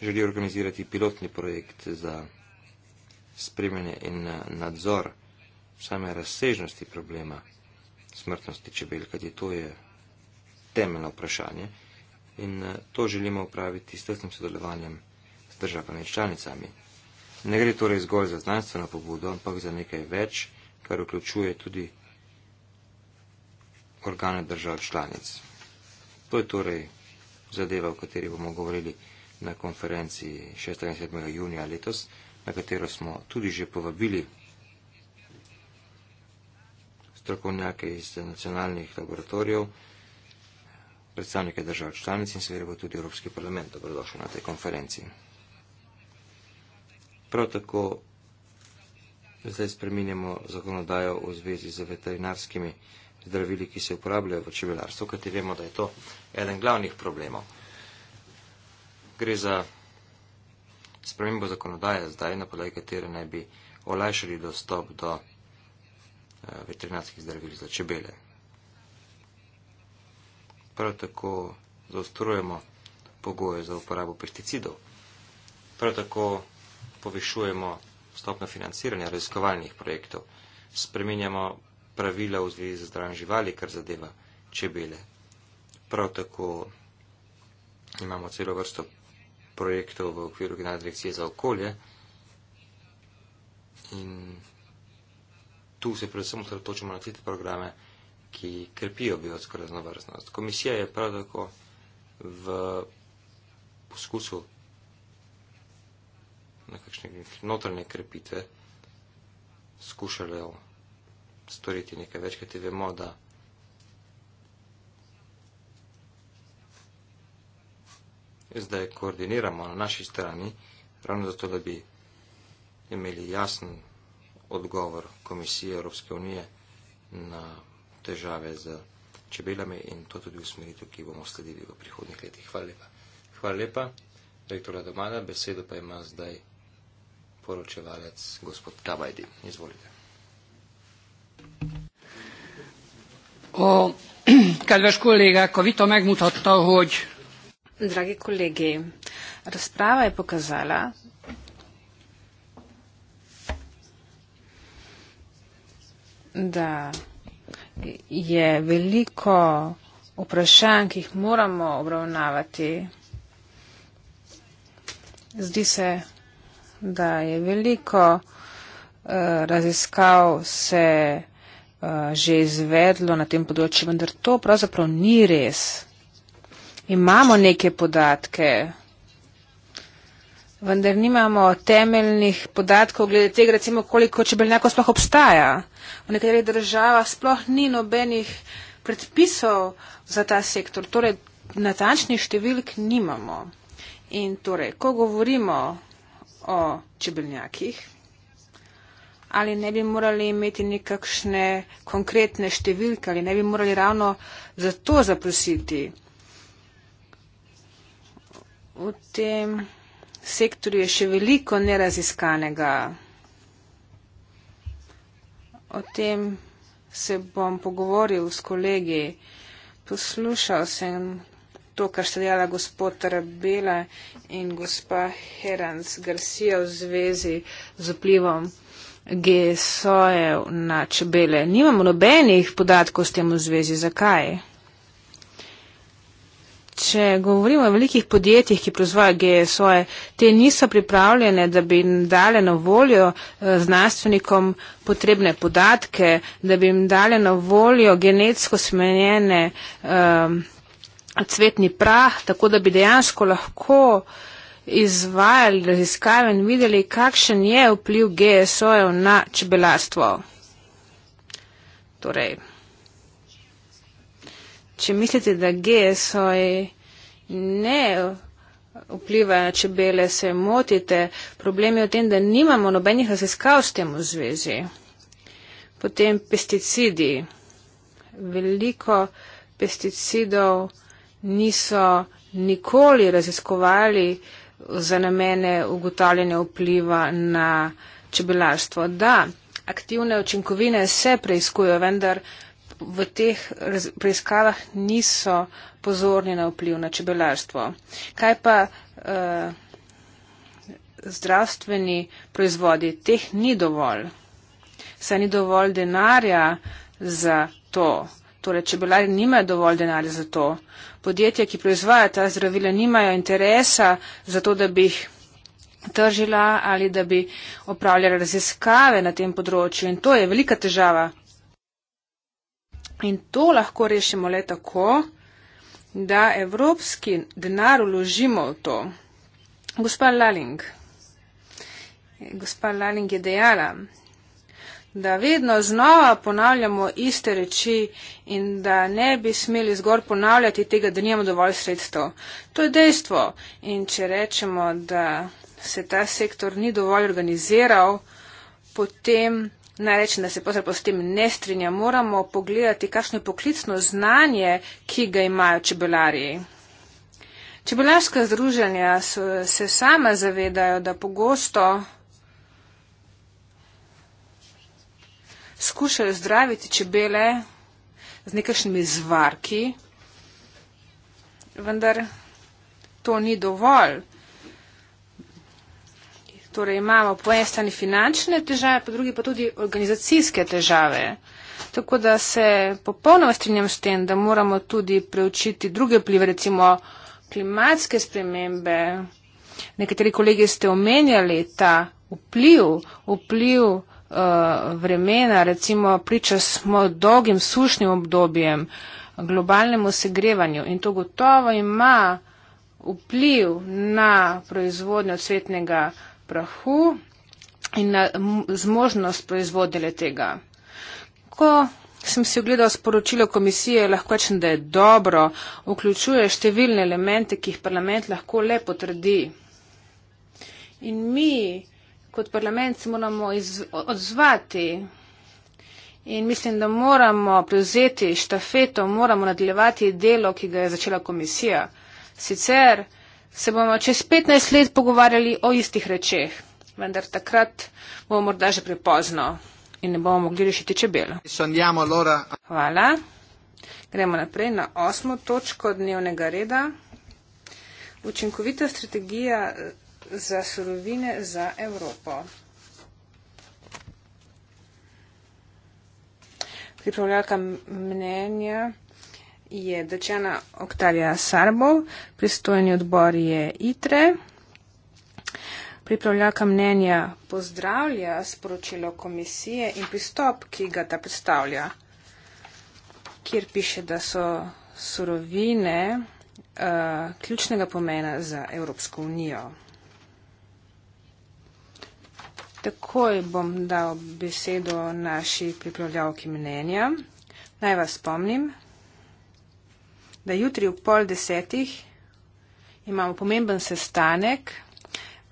želi organizirati pilotni projekt za spremljanje in eh, nadzor same razsežnosti problema smrtnosti čebel, kajti to je temeljno vprašanje in eh, to želimo upraviti s tesnim sodelovanjem s državami članicami. Ne gre torej zgolj za znanstveno pobudo, ampak za nekaj več, kar vključuje tudi organe držav članic. To je torej zadeva, o kateri bomo govorili na konferenci 67. junija letos, na katero smo tudi že povabili strokovnjake iz nacionalnih laboratorijev predstavnike držav članic in seveda bo tudi Evropski parlament dobrodošel na tej konferenciji. Prav tako zdaj spreminjamo zakonodajo v zvezi z veterinarskimi zdravili, ki se uporabljajo v čebelarstvu, kajti vemo, da je to eden glavnih problemov. Gre za spremembo zakonodaje zdaj, na podlagi katere naj bi olajšali dostop do eh, veterinarskih zdravil za čebele prav tako zaostrujemo pogoje za uporabo pesticidov, prav tako povišujemo stopno financiranja raziskovalnih projektov, spremenjamo pravila v zvezi z zdravjem živali, kar zadeva čebele. Prav tako imamo celo vrsto projektov v okviru Generalne direkcije za okolje in tu se predvsem osredotočamo na tiste programe, ki krepijo biotsko raznovrstnost. Komisija je prav tako v poskusu na kakšne notranje krepitve skušala storiti nekaj več, kajte vemo, da zdaj koordiniramo na naši strani, ravno zato, da bi imeli jasen odgovor Komisije Evropske unije na težave z čebelami in to tudi v smeritev, ki bomo sledili v prihodnih letih. Hvala lepa. Hvala lepa, rektor Adomana. Besedo pa ima zdaj poročevalec gospod Kabajdi. Izvolite. O, <clears throat> kedves kolega, ko vi to megmutotta, hogy... Dragi kolegi, razprava je pokazala, da je veliko vprašanj, ki jih moramo obravnavati. Zdi se, da je veliko eh, raziskav se eh, že izvedlo na tem področju, vendar to pravzaprav ni res. Imamo neke podatke, vendar nimamo temeljnih podatkov glede tega, recimo, koliko čebeljakov sploh obstaja. V nekaterih državah sploh ni nobenih predpisov za ta sektor, torej natančnih številk nimamo. In torej, ko govorimo o čebeljakih, ali ne bi morali imeti nekakšne konkretne številke, ali ne bi morali ravno za to zaprositi. V tem sektorju je še veliko neraziskanega. O tem se bom pogovoril s kolegi. Poslušal sem to, kar ste dejala gospod Rabela in gospa Herans Garcia v zvezi z vplivom GSO-jev na čebele. Nimamo nobenih podatkov s tem v zvezi. Zakaj? če govorimo o velikih podjetjih, ki proizvajajo GSO-je, te niso pripravljene, da bi jim dale na voljo eh, znanstvenikom potrebne podatke, da bi jim dale na voljo genetsko spremenjene um, cvetni prah, tako da bi dejansko lahko izvajali raziskave in videli, kakšen je vpliv GSO-jev na čebelarstvo. Torej, če mislite, da GSOI e ne vplivajo na čebele, se motite. Problem je v tem, da nimamo nobenih raziskav s tem v zvezi. Potem pesticidi. Veliko pesticidov niso nikoli raziskovali za namene ugotavljanja vpliva na čebelarstvo. Da, aktivne učinkovine se preizkujejo, vendar v teh preiskavah niso pozorni na vpliv na čebelarstvo. Kaj pa uh, zdravstveni proizvodi? Teh ni dovolj. Saj ni dovolj denarja za to. Torej, čebelari nimajo dovolj denarja za to. Podjetja, ki proizvaja ta zdravila, nimajo interesa za to, da bi jih tržila ali da bi opravljala raziskave na tem področju. In to je velika težava In to lahko rešimo le tako, da evropski denar uložimo v to. Gospa Laling, gospa Laling je dejala, da vedno znova ponavljamo iste reči in da ne bi smeli zgor ponavljati tega, da nimamo dovolj sredstev. To je dejstvo. In če rečemo, da se ta sektor ni dovolj organiziral, potem Naj rečem, da se pravzaprav s tem ne strinjam. Moramo pogledati, kakšno je poklicno znanje, ki ga imajo čebelarji. Čebelarska združenja so, se sama zavedajo, da pogosto skušajo zdraviti čebele z nekakšnimi zvarki, vendar to ni dovolj. Torej imamo po eni strani finančne težave, po drugi pa tudi organizacijske težave. Tako da se popolnoma strinjam s tem, da moramo tudi preučiti druge vplive, recimo klimatske spremembe. Nekateri kolegi ste omenjali ta vpliv, vpliv uh, vremena, recimo priča smo dolgim sušnim obdobjem, globalnemu segrevanju in to gotovo ima vpliv na proizvodnjo cvetnega prahu in na zmožnost proizvodile tega. Ko sem si ogledal sporočilo komisije, lahko rečem, da je dobro, vključuje številne elemente, ki jih parlament lahko le potrdi. In mi kot parlament se moramo odzvati. In mislim, da moramo prevzeti štafeto, moramo nadaljevati delo, ki ga je začela komisija. Sicer se bomo čez 15 let pogovarjali o istih rečeh, vendar takrat bomo morda že prepozno in ne bomo mogli rešiti čebel. Hvala. Gremo naprej na osmo točko dnevnega reda. Učinkovita strategija eh, za surovine za Evropo. Pripravljalka mnenja je dečana Oktavija Sarbov, pristojni odbor je ITRE. Pripravljaka mnenja pozdravlja sporočilo komisije in pristop, ki ga ta predstavlja, kjer piše, da so surovine uh, ključnega pomena za Evropsko unijo. Takoj bom dal besedo naši pripravljavki mnenja. Naj vas spomnim, da jutri ob pol desetih imamo pomemben sestanek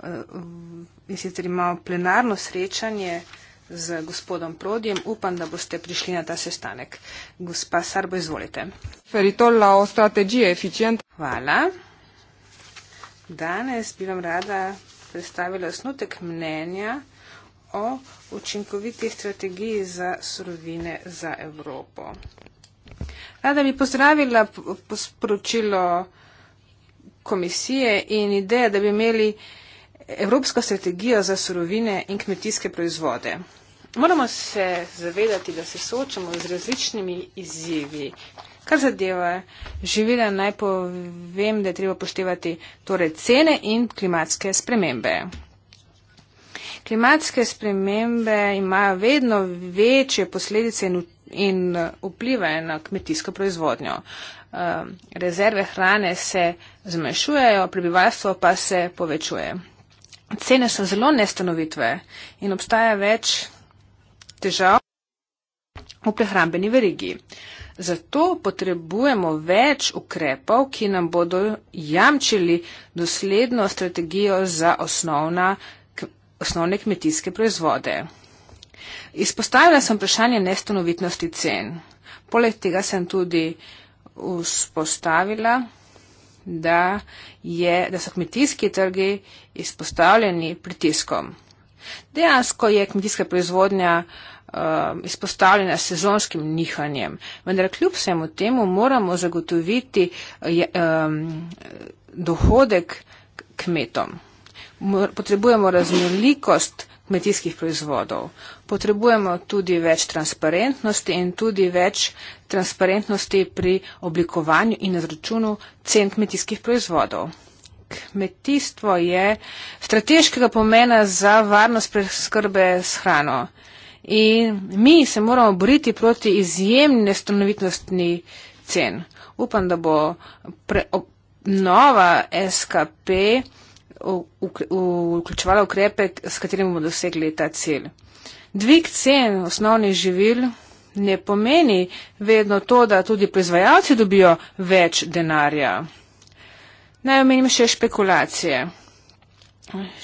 eh, in sicer imamo plenarno srečanje z gospodom Prodjem. Upam, da boste prišli na ta sestanek. Gospa Sarbo, izvolite. Feritola o strategiji eficient. Hvala. Danes bi vam rada predstavila snutek mnenja o učinkoviti strategiji za surovine za Evropo. Rada bi pozdravila sporočilo komisije in idejo, da bi imeli evropsko strategijo za surovine in kmetijske proizvode. Moramo se zavedati, da se soočamo z različnimi izzivi. Kar zadeva živila, naj povem, da je treba poštevati torej cene in klimatske spremembe. Klimatske spremembe imajo vedno večje posledice in učinke in eh, vplivajo na kmetijsko proizvodnjo. Eh, rezerve hrane se zmanjšujejo, prebivalstvo pa se povečuje. Cene so zelo nestanovitve in obstaja več težav v prehrambeni verigi. Zato potrebujemo več ukrepov, ki nam bodo jamčili dosledno strategijo za osnovna, osnovne kmetijske proizvode. Izpostavila sem vprašanje nestanovitnosti cen. Poleg tega sem tudi vzpostavila, da, je, da so kmetijski trgi izpostavljeni pritiskom. Dejansko je kmetijska proizvodnja eh, izpostavljena sezonskim nihanjem. Vendar kljub vsemu temu moramo zagotoviti dohodek kmetom. Potrebujemo raznolikost kmetijskih proizvodov. Potrebujemo tudi več transparentnosti in tudi več transparentnosti pri oblikovanju in izračunu cen kmetijskih proizvodov. Kmetijstvo je strateškega pomena za varnost preskrbe s hrano. In mi se moramo boriti proti izjemni nestanovitnostni cen. Upam, da bo pre, o, nova SKP vključevala ukrepe, s katerimi bomo dosegli ta cilj. Dvig cen osnovnih živil ne pomeni vedno to, da tudi proizvajalci dobijo več denarja. Naj omenim še špekulacije.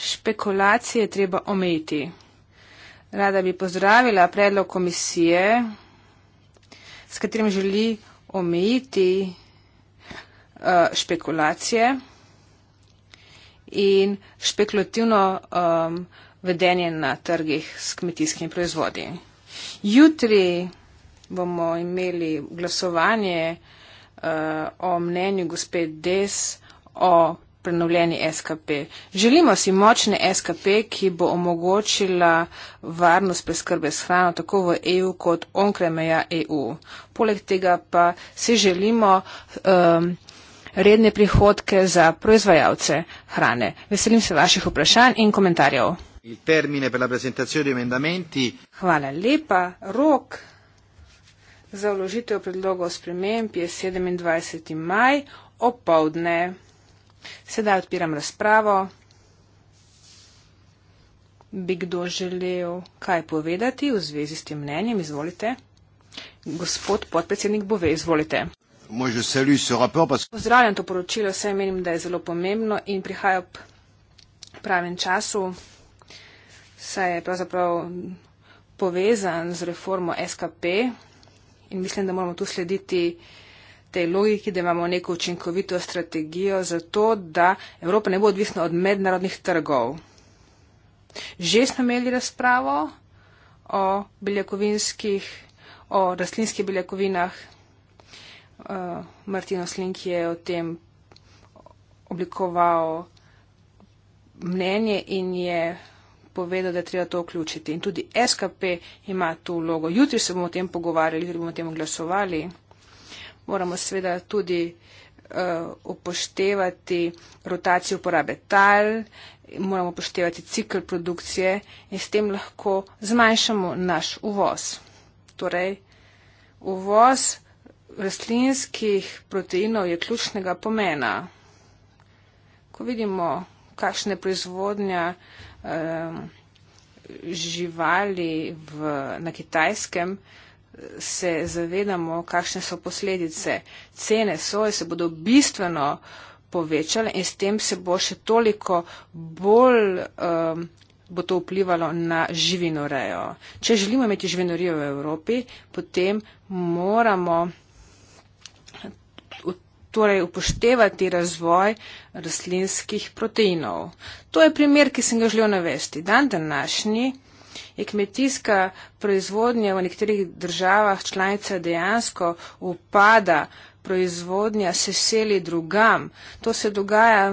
Špekulacije je treba omejiti. Rada bi pozdravila predlog komisije, s katerim želi omejiti uh, špekulacije in špekulativno um, vedenje na trgih s kmetijskimi proizvodi. Jutri bomo imeli glasovanje uh, o mnenju gospod Des o prenovljeni SKP. Želimo si močne SKP, ki bo omogočila varnost preskrbe s hrano tako v EU kot onkraj meja EU. Poleg tega pa si želimo um, redne prihodke za proizvajalce hrane. Veselim se vaših vprašanj in komentarjev. Hvala lepa. Rok za vložitev predlogov sprememb je 27. maj opovdne. Sedaj odpiram razpravo. Bi kdo želel kaj povedati v zvezi s tem mnenjem? Izvolite. Gospod podpredsednik Bove, izvolite. Moi, je salue ce rapport parce... Pozdravljam to poročilo, saj menim, da je zelo pomembno in prihaja ob pravem času, saj je pravzaprav povezan z reformo SKP in mislim, da moramo tu slediti tej logiki, da imamo neko učinkovito strategijo za to, da Evropa ne bo odvisna od mednarodnih trgov. Že smo imeli razpravo o beljakovinskih, o rastlinskih beljakovinah uh, Martino Slink je o tem oblikoval mnenje in je povedal, da je treba to vključiti. In tudi SKP ima tu vlogo. Jutri se bomo o tem pogovarjali, jutri bomo o tem glasovali. Moramo seveda tudi uh, upoštevati rotacijo uporabe tal, moramo upoštevati cikl produkcije in s tem lahko zmanjšamo naš uvoz. Torej, uvoz rastlinskih proteinov je ključnega pomena. Ko vidimo, kakšne proizvodnja eh, živali v, na kitajskem, se zavedamo, kakšne so posledice. Cene soje se bodo bistveno povečale in s tem se bo še toliko bolj um, bo to vplivalo na živinorejo. Če želimo imeti živinorijo v Evropi, potem moramo torej upoštevati razvoj rastlinskih proteinov. To je primer, ki sem ga želel navesti. Dan današnji je kmetijska proizvodnja v nekaterih državah članica dejansko upada proizvodnja se seli drugam. To se dogaja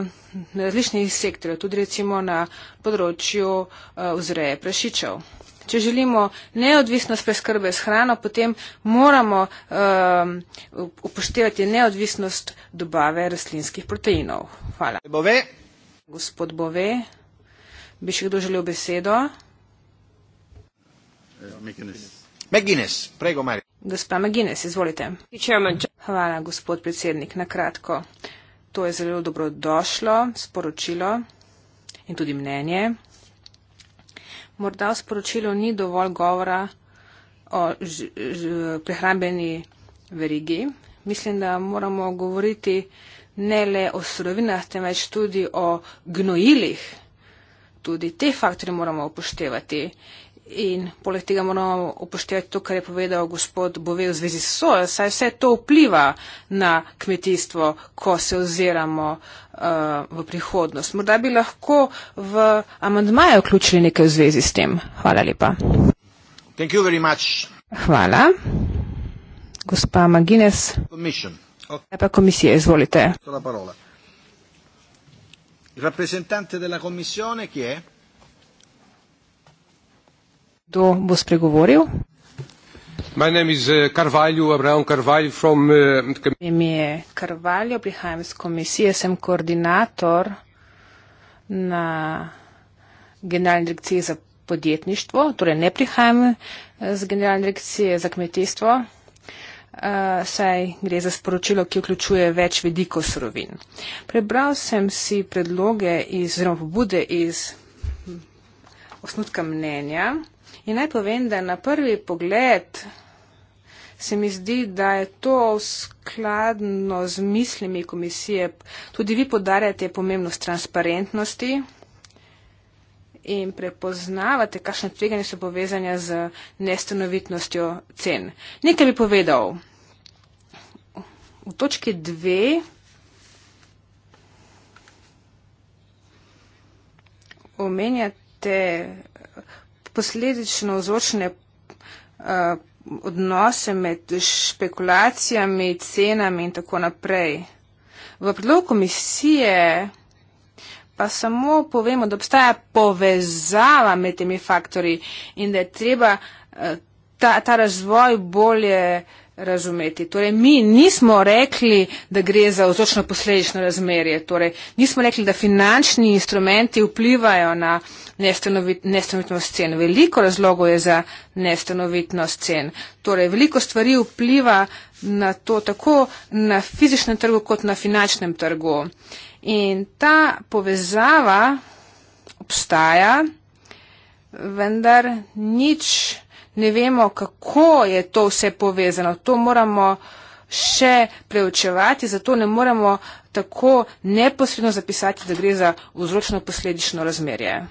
na različnih sektorjih, tudi recimo na področju eh, vzreje prašičev. Če želimo neodvisnost preskrbe s hrano, potem moramo um, upoštevati neodvisnost dobave rastlinskih proteinov. Hvala. Bove. Gospod Bove, bi še kdo želel besedo? Meginis, prego Mari. Gospa Meginis, izvolite. Hvala, gospod predsednik, na kratko. To je zelo dobrodošlo sporočilo in tudi mnenje morda v sporočilu ni dovolj govora o prehrambeni verigi. Mislim, da moramo govoriti ne le o surovinah, temveč tudi o gnojilih. Tudi te faktore moramo upoštevati. Uh, In poleg tega moramo upoštevati to, kar je povedal gospod Bove v zvezi s sojo, saj vse to vpliva na kmetijstvo, ko se oziramo uh, v prihodnost. Morda bi lahko v amandmaje vključili nekaj v zvezi s tem. Hvala lepa. Hvala. Gospa Magines. Okay. Pa komisije, izvolite. Rappresentante della commissione, chi è? Kdo bo spregovoril? My name is eh, Carvalho, Abraham Carvalho from... Uh, Ime je Carvalho, prihajam iz komisije, sem koordinator na generalni direkciji za podjetništvo, torej ne prihajam eh, z generalne direkcije za kmetijstvo, uh, saj gre za sporočilo, ki vključuje več vedikov surovin. Prebral sem si predloge iz, oziroma pobude iz osnutka mnenja In naj povem, da na prvi pogled se mi zdi, da je to skladno z mislimi komisije. Tudi vi podarjate pomembnost transparentnosti in prepoznavate, kakšne tveganje so povezanja z nestanovitnostjo cen. Nekaj bi povedal. V točki dve omenjate posledično vzročne eh, odnose med špekulacijami, cenami in tako naprej. V predlogu komisije pa samo povemo, da obstaja povezava med temi faktori in da je treba eh, ta, ta razvoj bolje uh, razumeti. Torej, mi nismo rekli, da gre za vzročno posledično razmerje, torej, nismo rekli, da finančni instrumenti vplivajo na nestanovitnost cen. Veliko razlogov je za nestanovitnost cen. Torej, veliko stvari vpliva na to tako na fizičnem trgu kot na finančnem trgu. In ta povezava obstaja, vendar nič ne vemo, kako je to vse povezano. To moramo še preučevati, zato ne moremo tako neposredno zapisati, da gre za vzročno-posledično razmerje.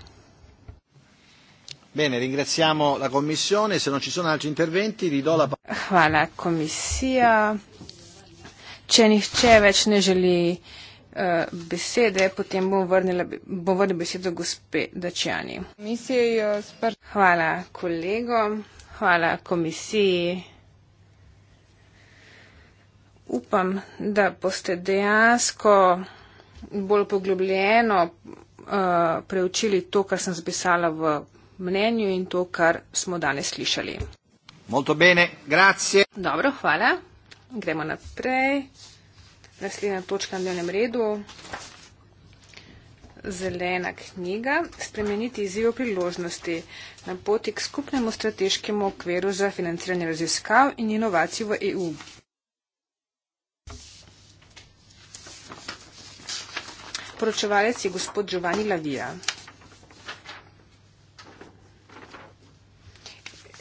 Bene, ringraziamo la komisijo, se non ci sono altri interventi, vi do la parola. Hvala komisija. Če nihče več ne želi. Eh, besede, potem bom vrnila, bom vrnila besedo gospe Dačjani. Hvala kolegom, hvala komisiji. Upam, da boste dejansko bolj poglobljeno uh, preučili to, kar sem zapisala v mnenju in to, kar smo danes slišali. Molto bene, grazie. Dobro, hvala. Gremo naprej naslednja točka na dnevnem redu. Zelena knjiga. Spremeniti izziv priložnosti na poti k skupnemu strateškemu okviru za financiranje raziskav in inovacij v EU. Poročevalec je gospod Giovanni Lavija.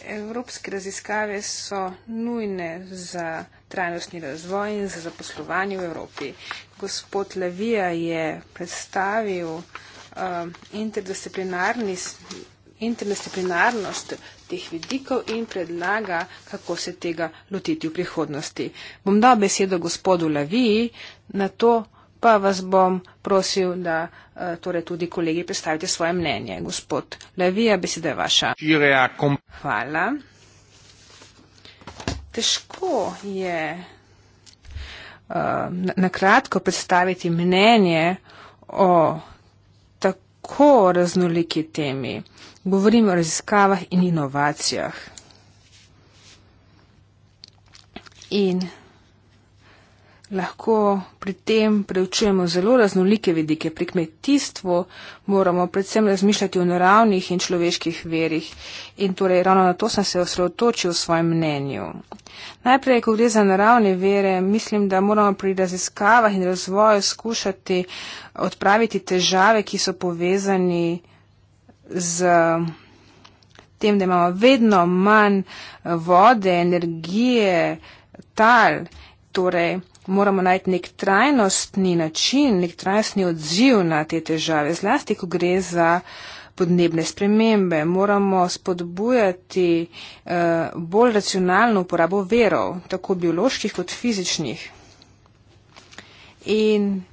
Evropske raziskave so nujne za trajnostni razvoj in za zaposlovanje v Evropi. Gospod Levija je predstavil uh, interdisciplinarnost teh vidikov in predlaga, kako se tega lotiti v prihodnosti. Bom dal besedo gospodu Leviji, na to pa vas bom prosil, da uh, torej tudi kolegi predstavite svoje mnenje. Gospod Levija, beseda je vaša. Hvala težko je uh, na kratko predstaviti mnenje o tako raznoliki temi. Govorim o raziskavah in inovacijah. In lahko pri tem preučujemo zelo raznolike vidike. Pri kmetijstvu moramo predvsem razmišljati o naravnih in človeških verih in torej ravno na to sem se osredotočil v svojem mnenju. Najprej, ko gre za naravne vere, mislim, da moramo pri raziskavah in razvoju skušati odpraviti težave, ki so povezani z tem, da imamo vedno manj eh, vode, energije, tal, torej moramo najti nek trajnostni način, nek trajnostni odziv na te težave, zlasti, ko gre za podnebne spremembe. Moramo spodbujati eh, bolj racionalno uporabo verov, tako bioloških kot fizičnih. In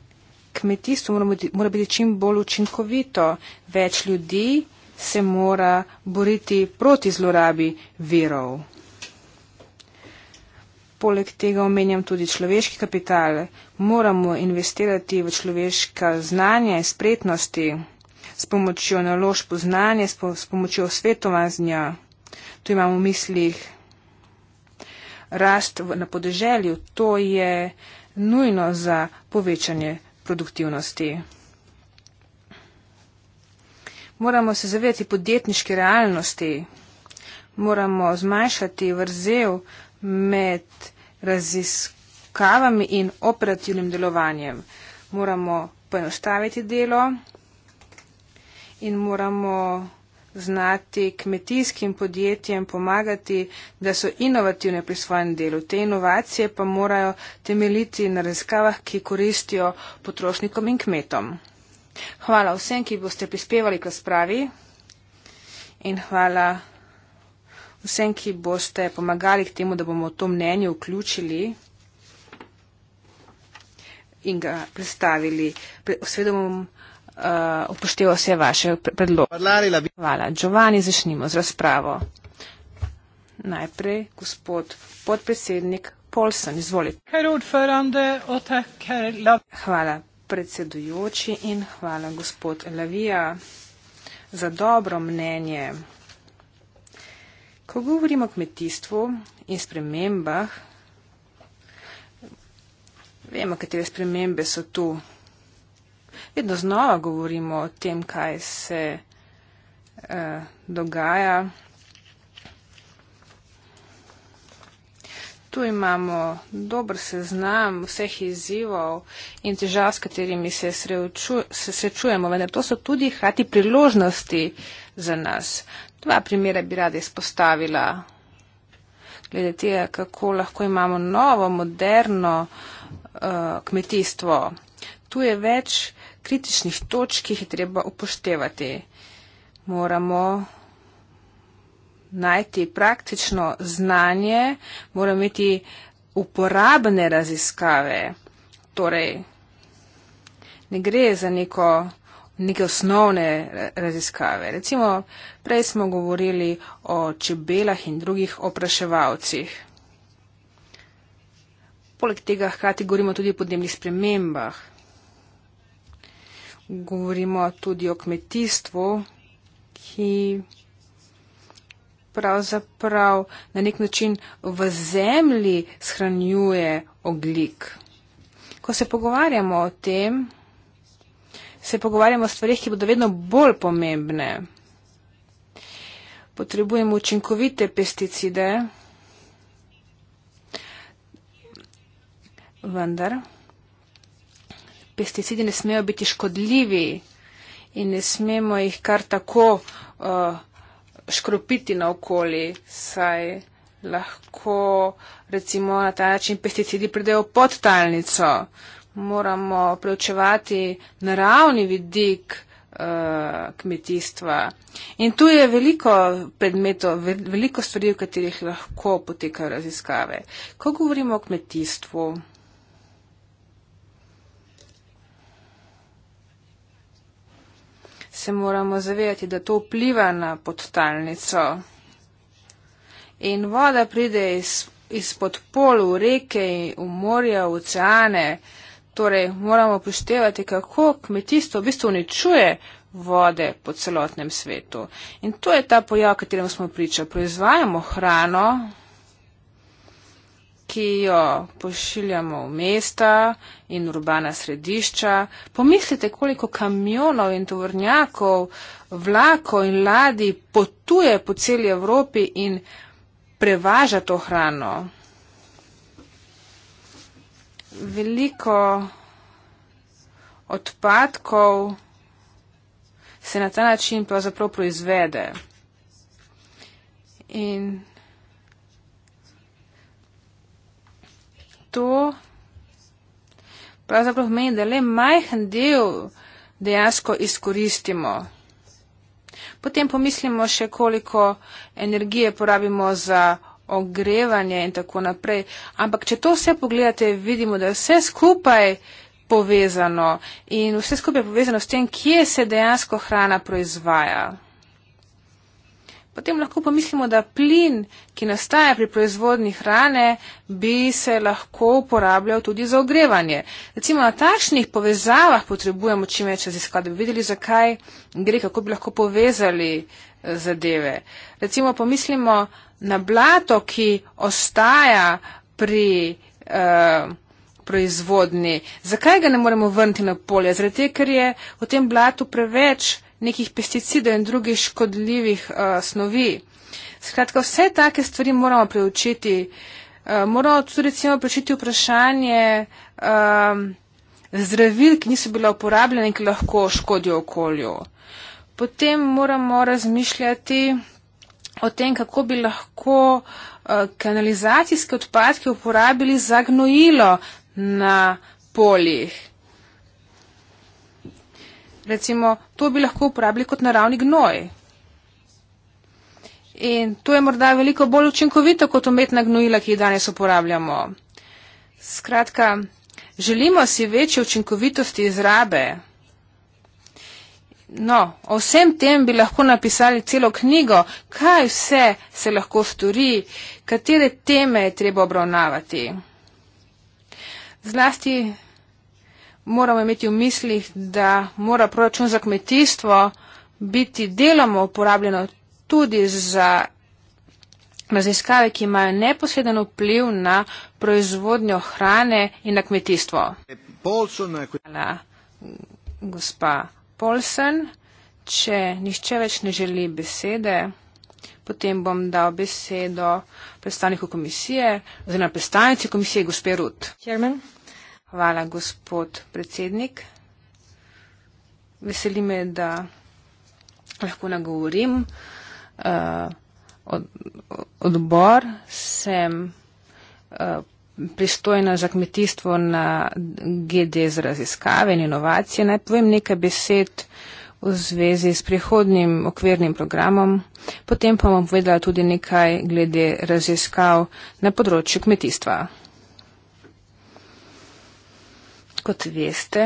kmetijstvo biti, mora biti čim bolj učinkovito. Več ljudi se mora boriti proti zlorabi verov poleg tega omenjam tudi človeški kapital. Moramo investirati v človeška znanja in spretnosti s pomočjo naložb znanja, s pomočjo svetovanja. Tu imamo v mislih rast na podeželju. To je nujno za povečanje produktivnosti. Moramo se zavedati podjetniške realnosti. Moramo zmanjšati vrzel med raziskavami in operativnim delovanjem. Moramo poenostaviti delo in moramo znati kmetijskim podjetjem pomagati, da so inovativne pri svojem delu. Te inovacije pa morajo temeljiti na raziskavah, ki koristijo potrošnikom in kmetom. Hvala vsem, ki boste prispevali k razpravi in hvala vsem, ki boste pomagali k temu, da bomo to mnenje vključili in ga predstavili. Seveda bom uh, upošteval vse vaše predloge. Hvala. Giovanni, začnimo z razpravo. Najprej gospod podpredsednik Polsen, izvolite. Hvala predsedujoči in hvala gospod Lavija za dobro mnenje. Ko govorimo o kmetijstvu in spremembah, vemo, katere spremembe so tu. Vedno znova govorimo o tem, kaj se uh, dogaja. Tu imamo dober seznam vseh izzivov in težav, s katerimi se, sreču, se srečujemo, vendar to so tudi hkrati priložnosti za nas. Dva primera bi rada izpostavila, glede tega, kako lahko imamo novo, moderno uh, kmetijstvo. Tu je več kritičnih točk, ki jih je treba upoštevati. Moramo najti praktično znanje, moramo imeti uporabne raziskave. Torej, ne gre za neko neke osnovne eh, raziskave. Recimo, prej smo govorili o čebelah in drugih opraševalcih. Poleg tega hkrati govorimo tudi o podnebnih spremembah. Govorimo tudi o kmetijstvu, ki pravzaprav na nek način v zemlji shranjuje oglik. Ko se pogovarjamo o tem, se pogovarjamo o stvarih, ki bodo vedno bolj pomembne. Potrebujemo učinkovite pesticide, vendar pesticidi ne smejo biti škodljivi in ne smemo jih kar tako uh, škropiti na okoli, saj lahko recimo na ta način pesticidi pridejo pod talnico. Uh, moramo preučevati naravni vidik eh, kmetijstva. In tu je veliko predmetov, veliko stvari, v katerih lahko potekajo raziskave. Ko govorimo o kmetijstvu, se moramo zavedati, da to vpliva na podtalnico. In voda pride iz, iz podpolu reke, v morja, v oceane, uh, Torej, moramo upoštevati, kako kmetijstvo v bistvu uničuje vode po celotnem svetu. In to je ta pojav, katerem smo priča. Proizvajamo hrano, ki jo pošiljamo v mesta in urbana središča. Pomislite, koliko kamionov in tovornjakov, vlakov in ladij potuje po celi Evropi in prevaža to hrano veliko odpadkov se na ta način pravzaprav proizvede. In to pravzaprav meni, da le majhen del dejansko izkoristimo. Potem pomislimo še, koliko energije porabimo za ogrevanje in tako naprej. Ampak, če to vse pogledate, vidimo, da je vse skupaj povezano in vse skupaj je povezano s tem, kje se dejansko hrana proizvaja. Potem lahko pomislimo, da plin, ki nastaja pri proizvodni hrane, bi se lahko uporabljal tudi za ogrevanje. Recimo na takšnih povezavah potrebujemo čim več raziskav, da bi videli, zakaj gre, kako bi lahko povezali eh, zadeve. Recimo pomislimo, na blato, ki ostaja pri uh, eh, proizvodni, zakaj ga ne moremo vrniti na polje? Zato, ker je v tem blatu preveč nekih pesticidov in drugih škodljivih uh, snovi. Skratka, vse take stvari moramo preučiti. Uh, moramo tudi recimo preučiti vprašanje um, zdravil, ki niso bila uporabljena in ki lahko škodijo okolju. Potem moramo razmišljati o tem, kako bi lahko eh, kanalizacijske odpadke uporabili za gnojilo na poljih. Recimo, to bi lahko uporabili kot naravni gnoj. In to je morda veliko bolj učinkovito kot umetna gnojila, ki jih danes uporabljamo. Skratka, želimo si večje učinkovitosti izrabe No, o vsem tem bi lahko napisali celo knjigo, kaj vse se lahko stori, katere teme je treba obravnavati. Zlasti moramo imeti v mislih, da mora proračun za kmetijstvo biti deloma uporabljeno tudi za raziskave, ki imajo neposreden vpliv na proizvodnjo hrane in na kmetijstvo. Hvala, gospa. Polsen. Če nišče več ne želi besede, potem bom dal besedo predstavniku komisije, oziroma predstavnici komisije, gospe Rut. Chairman. Hvala, gospod predsednik. Veseli me, da lahko nagovorim uh, od, odbor. Sem uh, pristojna za kmetijstvo na GD za raziskave in inovacije. Naj povem nekaj besed v zvezi s prihodnim okvirnim programom, potem pa bom povedala tudi nekaj glede raziskav na področju kmetijstva. Kot veste,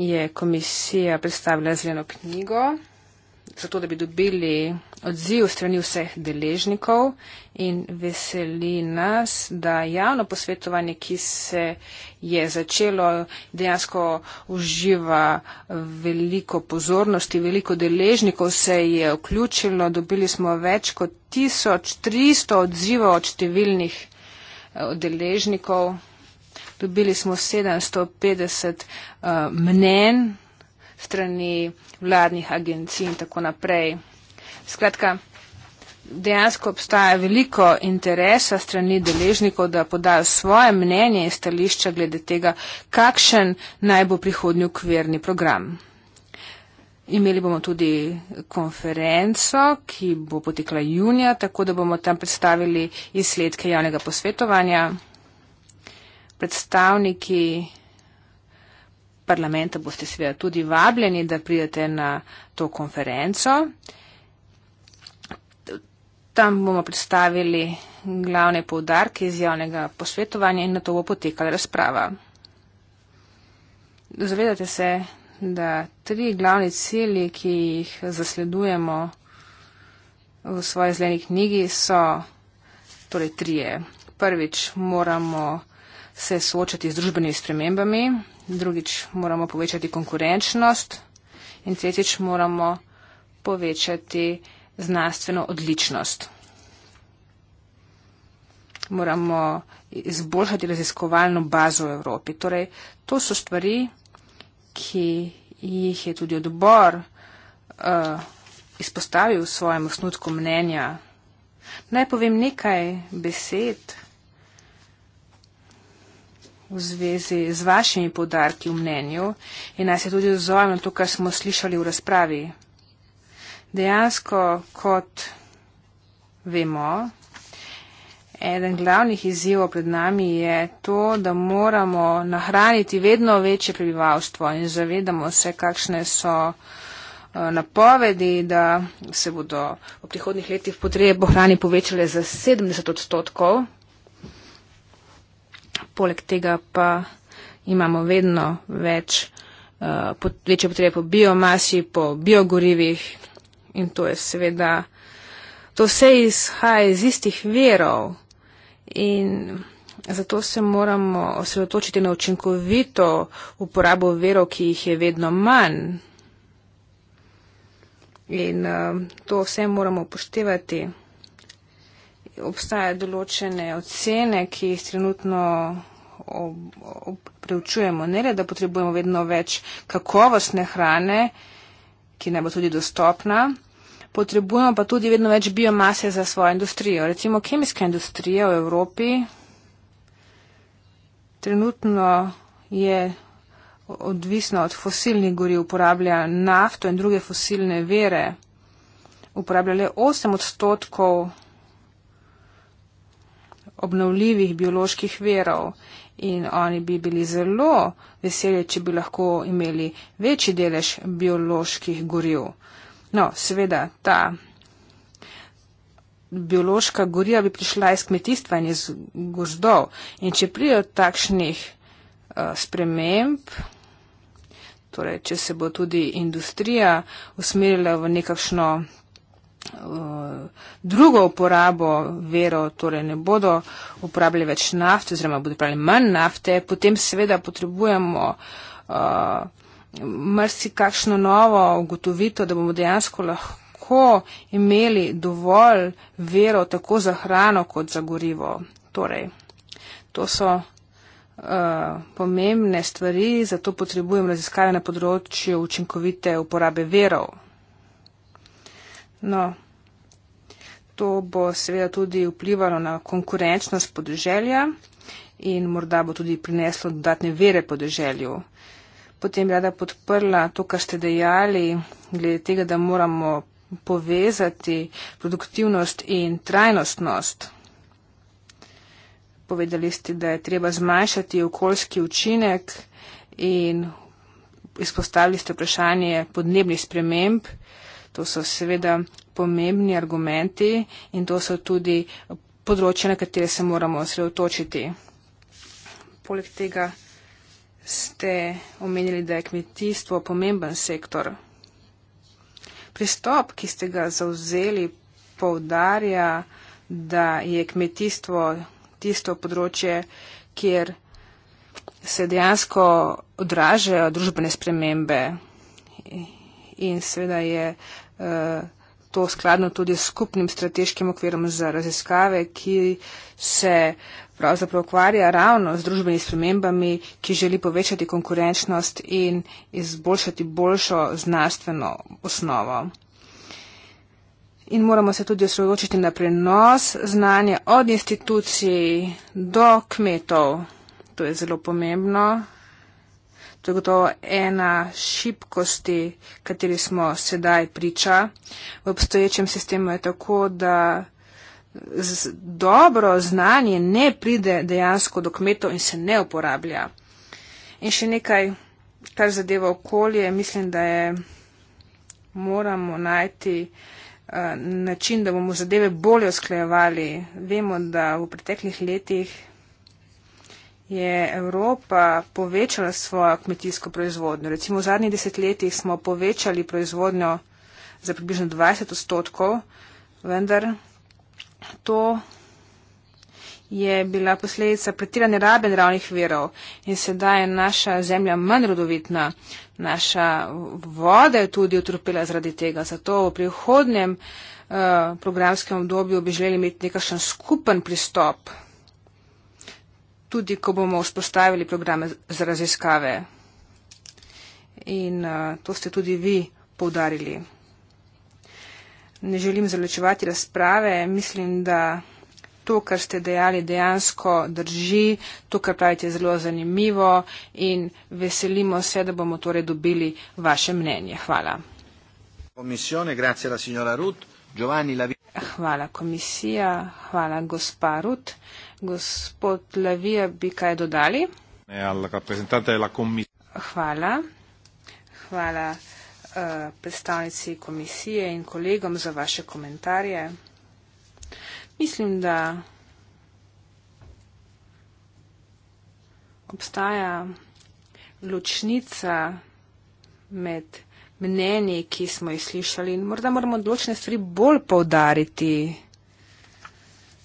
je komisija predstavila zeleno knjigo zato, da bi dobili odziv strani vseh deležnikov in veseli nas, da javno posvetovanje, ki se je začelo, dejansko uživa veliko pozornosti, veliko deležnikov se je vključilo, dobili smo več kot 1300 odzivov od številnih eh, deležnikov, dobili smo 750 uh, mnen strani vladnih agencij in tako naprej. Skratka, dejansko obstaja veliko interesa strani deležnikov, da podajo svoje mnenje in stališča glede tega, kakšen naj bo prihodnji ukvirni program. Imeli bomo tudi konferenco, ki bo potekla junija, tako da bomo tam predstavili izsledke javnega posvetovanja. Predstavniki parlamenta boste seveda tudi vabljeni, da pridete na to konferenco. Tam bomo predstavili glavne povdarke iz javnega posvetovanja in na to bo potekala razprava. Zavedate se, da tri glavni cilji, ki jih zasledujemo v svoji zeleni knjigi, so torej trije. Prvič moramo se soočati z družbenimi spremembami, drugič moramo povečati konkurenčnost in tretjič moramo povečati znanstveno odličnost. Moramo izboljšati raziskovalno bazo v Evropi. Torej, to so stvari, ki jih je tudi odbor uh, izpostavil v svojem osnutku mnenja. Naj povem nekaj besed v zvezi z vašimi podarki v mnenju in nas je tudi odzval na to, kar smo slišali v razpravi. Dejansko, kot vemo, eden glavnih izzivov pred nami je to, da moramo nahraniti vedno večje prebivalstvo in zavedamo se, kakšne so eh, napovedi, da se bodo v prihodnih letih potrebe po hrani povečale za 70 odstotkov poleg tega pa imamo vedno več, uh, pot, večje potrebe po biomasi, po biogorivih in to je seveda, to vse izhaja iz istih verov in zato se moramo osredotočiti na učinkovito uporabo verov, ki jih je vedno manj. In uh, to vse moramo upoštevati obstajajo določene ocene, ki jih trenutno ob, ob, preučujemo. Ne le, da potrebujemo vedno več kakovostne hrane, ki naj bo tudi dostopna, potrebujemo pa tudi vedno več biomase za svojo industrijo. Recimo kemijska industrija v Evropi trenutno je odvisna od fosilnih goriv, uporablja nafto in druge fosilne vere, uporablja le 8 odstotkov obnovljivih bioloških verov in oni bi bili zelo veseli, če bi lahko imeli večji delež bioloških goriv. No, seveda, ta biološka gorija bi prišla iz kmetijstva in iz gozdov in če prijo takšnih uh, sprememb, torej, če se bo tudi industrija usmerila v nekakšno Eh, drugo uporabo vero, torej ne bodo uporabljali več nafte, oziroma bodo uporabljali manj nafte, potem seveda potrebujemo eh, mrsi kakšno novo ugotovitev, da bomo dejansko lahko imeli dovolj vero tako za hrano kot za gorivo. Torej, to so Uh, pomembne stvari, zato potrebujem raziskave na področju učinkovite uporabe verov. No, to bo seveda tudi vplivalo na konkurenčnost podeželja in morda bo tudi prineslo dodatne vere podeželju. Potem rada podprla to, kar ste dejali, glede tega, da moramo povezati produktivnost in trajnostnost. Povedali ste, da je treba zmanjšati okoljski učinek in izpostavili ste vprašanje podnebnih sprememb. To so seveda pomembni argumenti in to so tudi področje, na katere se moramo osredotočiti. Poleg tega ste omenili, da je kmetijstvo pomemben sektor. Pristop, ki ste ga zauzeli, povdarja, da je kmetijstvo tisto področje, kjer se dejansko odražajo družbene spremembe in seveda je eh, to skladno tudi s skupnim strateškim okvirom za raziskave, ki se pravzaprav ukvarja ravno z družbenimi spremembami, ki želi povečati konkurenčnost in izboljšati boljšo znanstveno osnovo. In moramo se tudi osredotočiti na prenos znanja od institucij do kmetov. To je zelo pomembno. To je gotovo ena šibkosti, kateri smo sedaj priča. V obstoječem sistemu je tako, da dobro znanje ne pride dejansko do kmetov in se ne uporablja. In še nekaj, kar zadeva okolje, mislim, da je, moramo najti eh, način, da bomo zadeve bolje usklejevali. Vemo, da v preteklih letih je Evropa povečala svojo kmetijsko proizvodnjo. Recimo v zadnjih desetletjih smo povečali proizvodnjo za približno 20 odstotkov, vendar to je bila posledica pretirane rabe naravnih verov in sedaj je naša zemlja manj rodovitna, naša voda je tudi utrpela zaradi tega. Zato v prihodnem uh, eh, programskem obdobju bi želeli imeti nekakšen skupen pristop tudi ko bomo vzpostavili programe za raziskave. In uh, to ste tudi vi povdarili. Ne želim zaločevati razprave, mislim, da to, kar ste dejali, dejansko drži, to, kar pravite, je zelo zanimivo in veselimo se, da bomo torej dobili vaše mnenje. Hvala. Hvala komisija, hvala gospa Ruth. Gospod Levija, bi kaj dodali? Eh, Hvala. Hvala uh, predstavnici komisije in kolegom za vaše komentarje. Mislim, da obstaja ločnica med mnenji, ki smo jih slišali in morda moramo določene stvari bolj povdariti.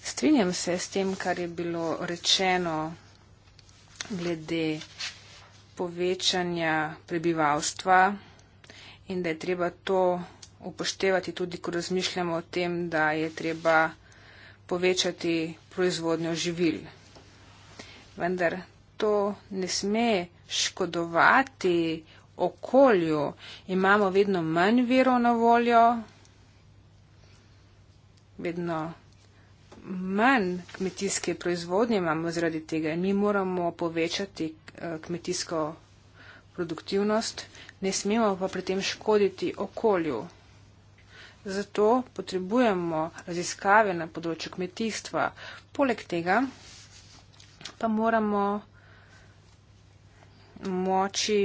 Strinjam se s tem, kar je bilo rečeno glede povečanja prebivalstva in da je treba to upoštevati tudi, ko razmišljamo o tem, da je treba povečati proizvodnjo živil. Vendar to ne sme škodovati okolju. Imamo vedno manj virov na voljo, vedno manj manj kmetijske proizvodnje imamo zaradi tega in mi moramo povečati eh, kmetijsko produktivnost, ne smemo pa pri tem škoditi okolju. Zato potrebujemo raziskave na področju kmetijstva. Poleg tega pa moramo moči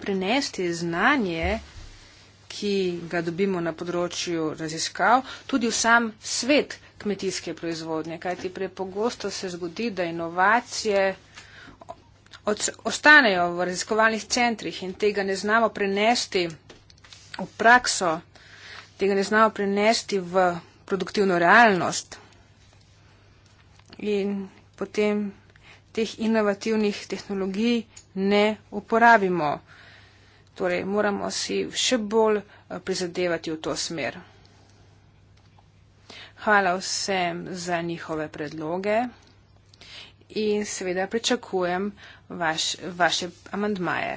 prenesti znanje, ki ga dobimo na področju raziskav, tudi v sam svet, kmetijske proizvodnje. Kajti prepogosto se zgodi, da inovacije ostanejo v raziskovalnih centrih in tega ne znamo prenesti v prakso, tega ne znamo prenesti v produktivno realnost. In potem teh inovativnih tehnologij ne uporabimo. Torej, moramo si še bolj eh, prizadevati v to smer. Hvala vsem za njihove predloge in seveda pričakujem vaš, vaše amandmaje,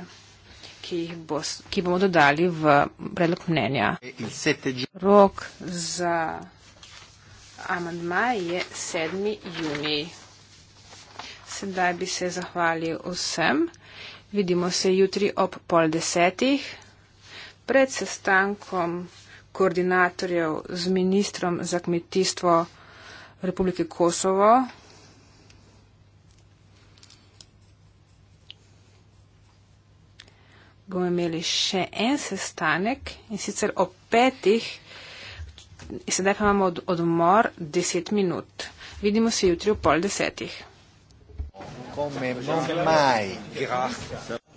ki, jih bo, ki bomo dodali v predlog mnenja. Rok za amandmaje je 7. juni. Sedaj bi se zahvalil vsem. Vidimo se jutri ob pol desetih. Pred sestankom koordinatorjev z ministrom za kmetijstvo Republike Kosovo. Bomo imeli še en sestanek in sicer o petih, sedaj pa imamo od, odmor deset minut. Vidimo se jutri v pol desetih. Come mai? Grazie.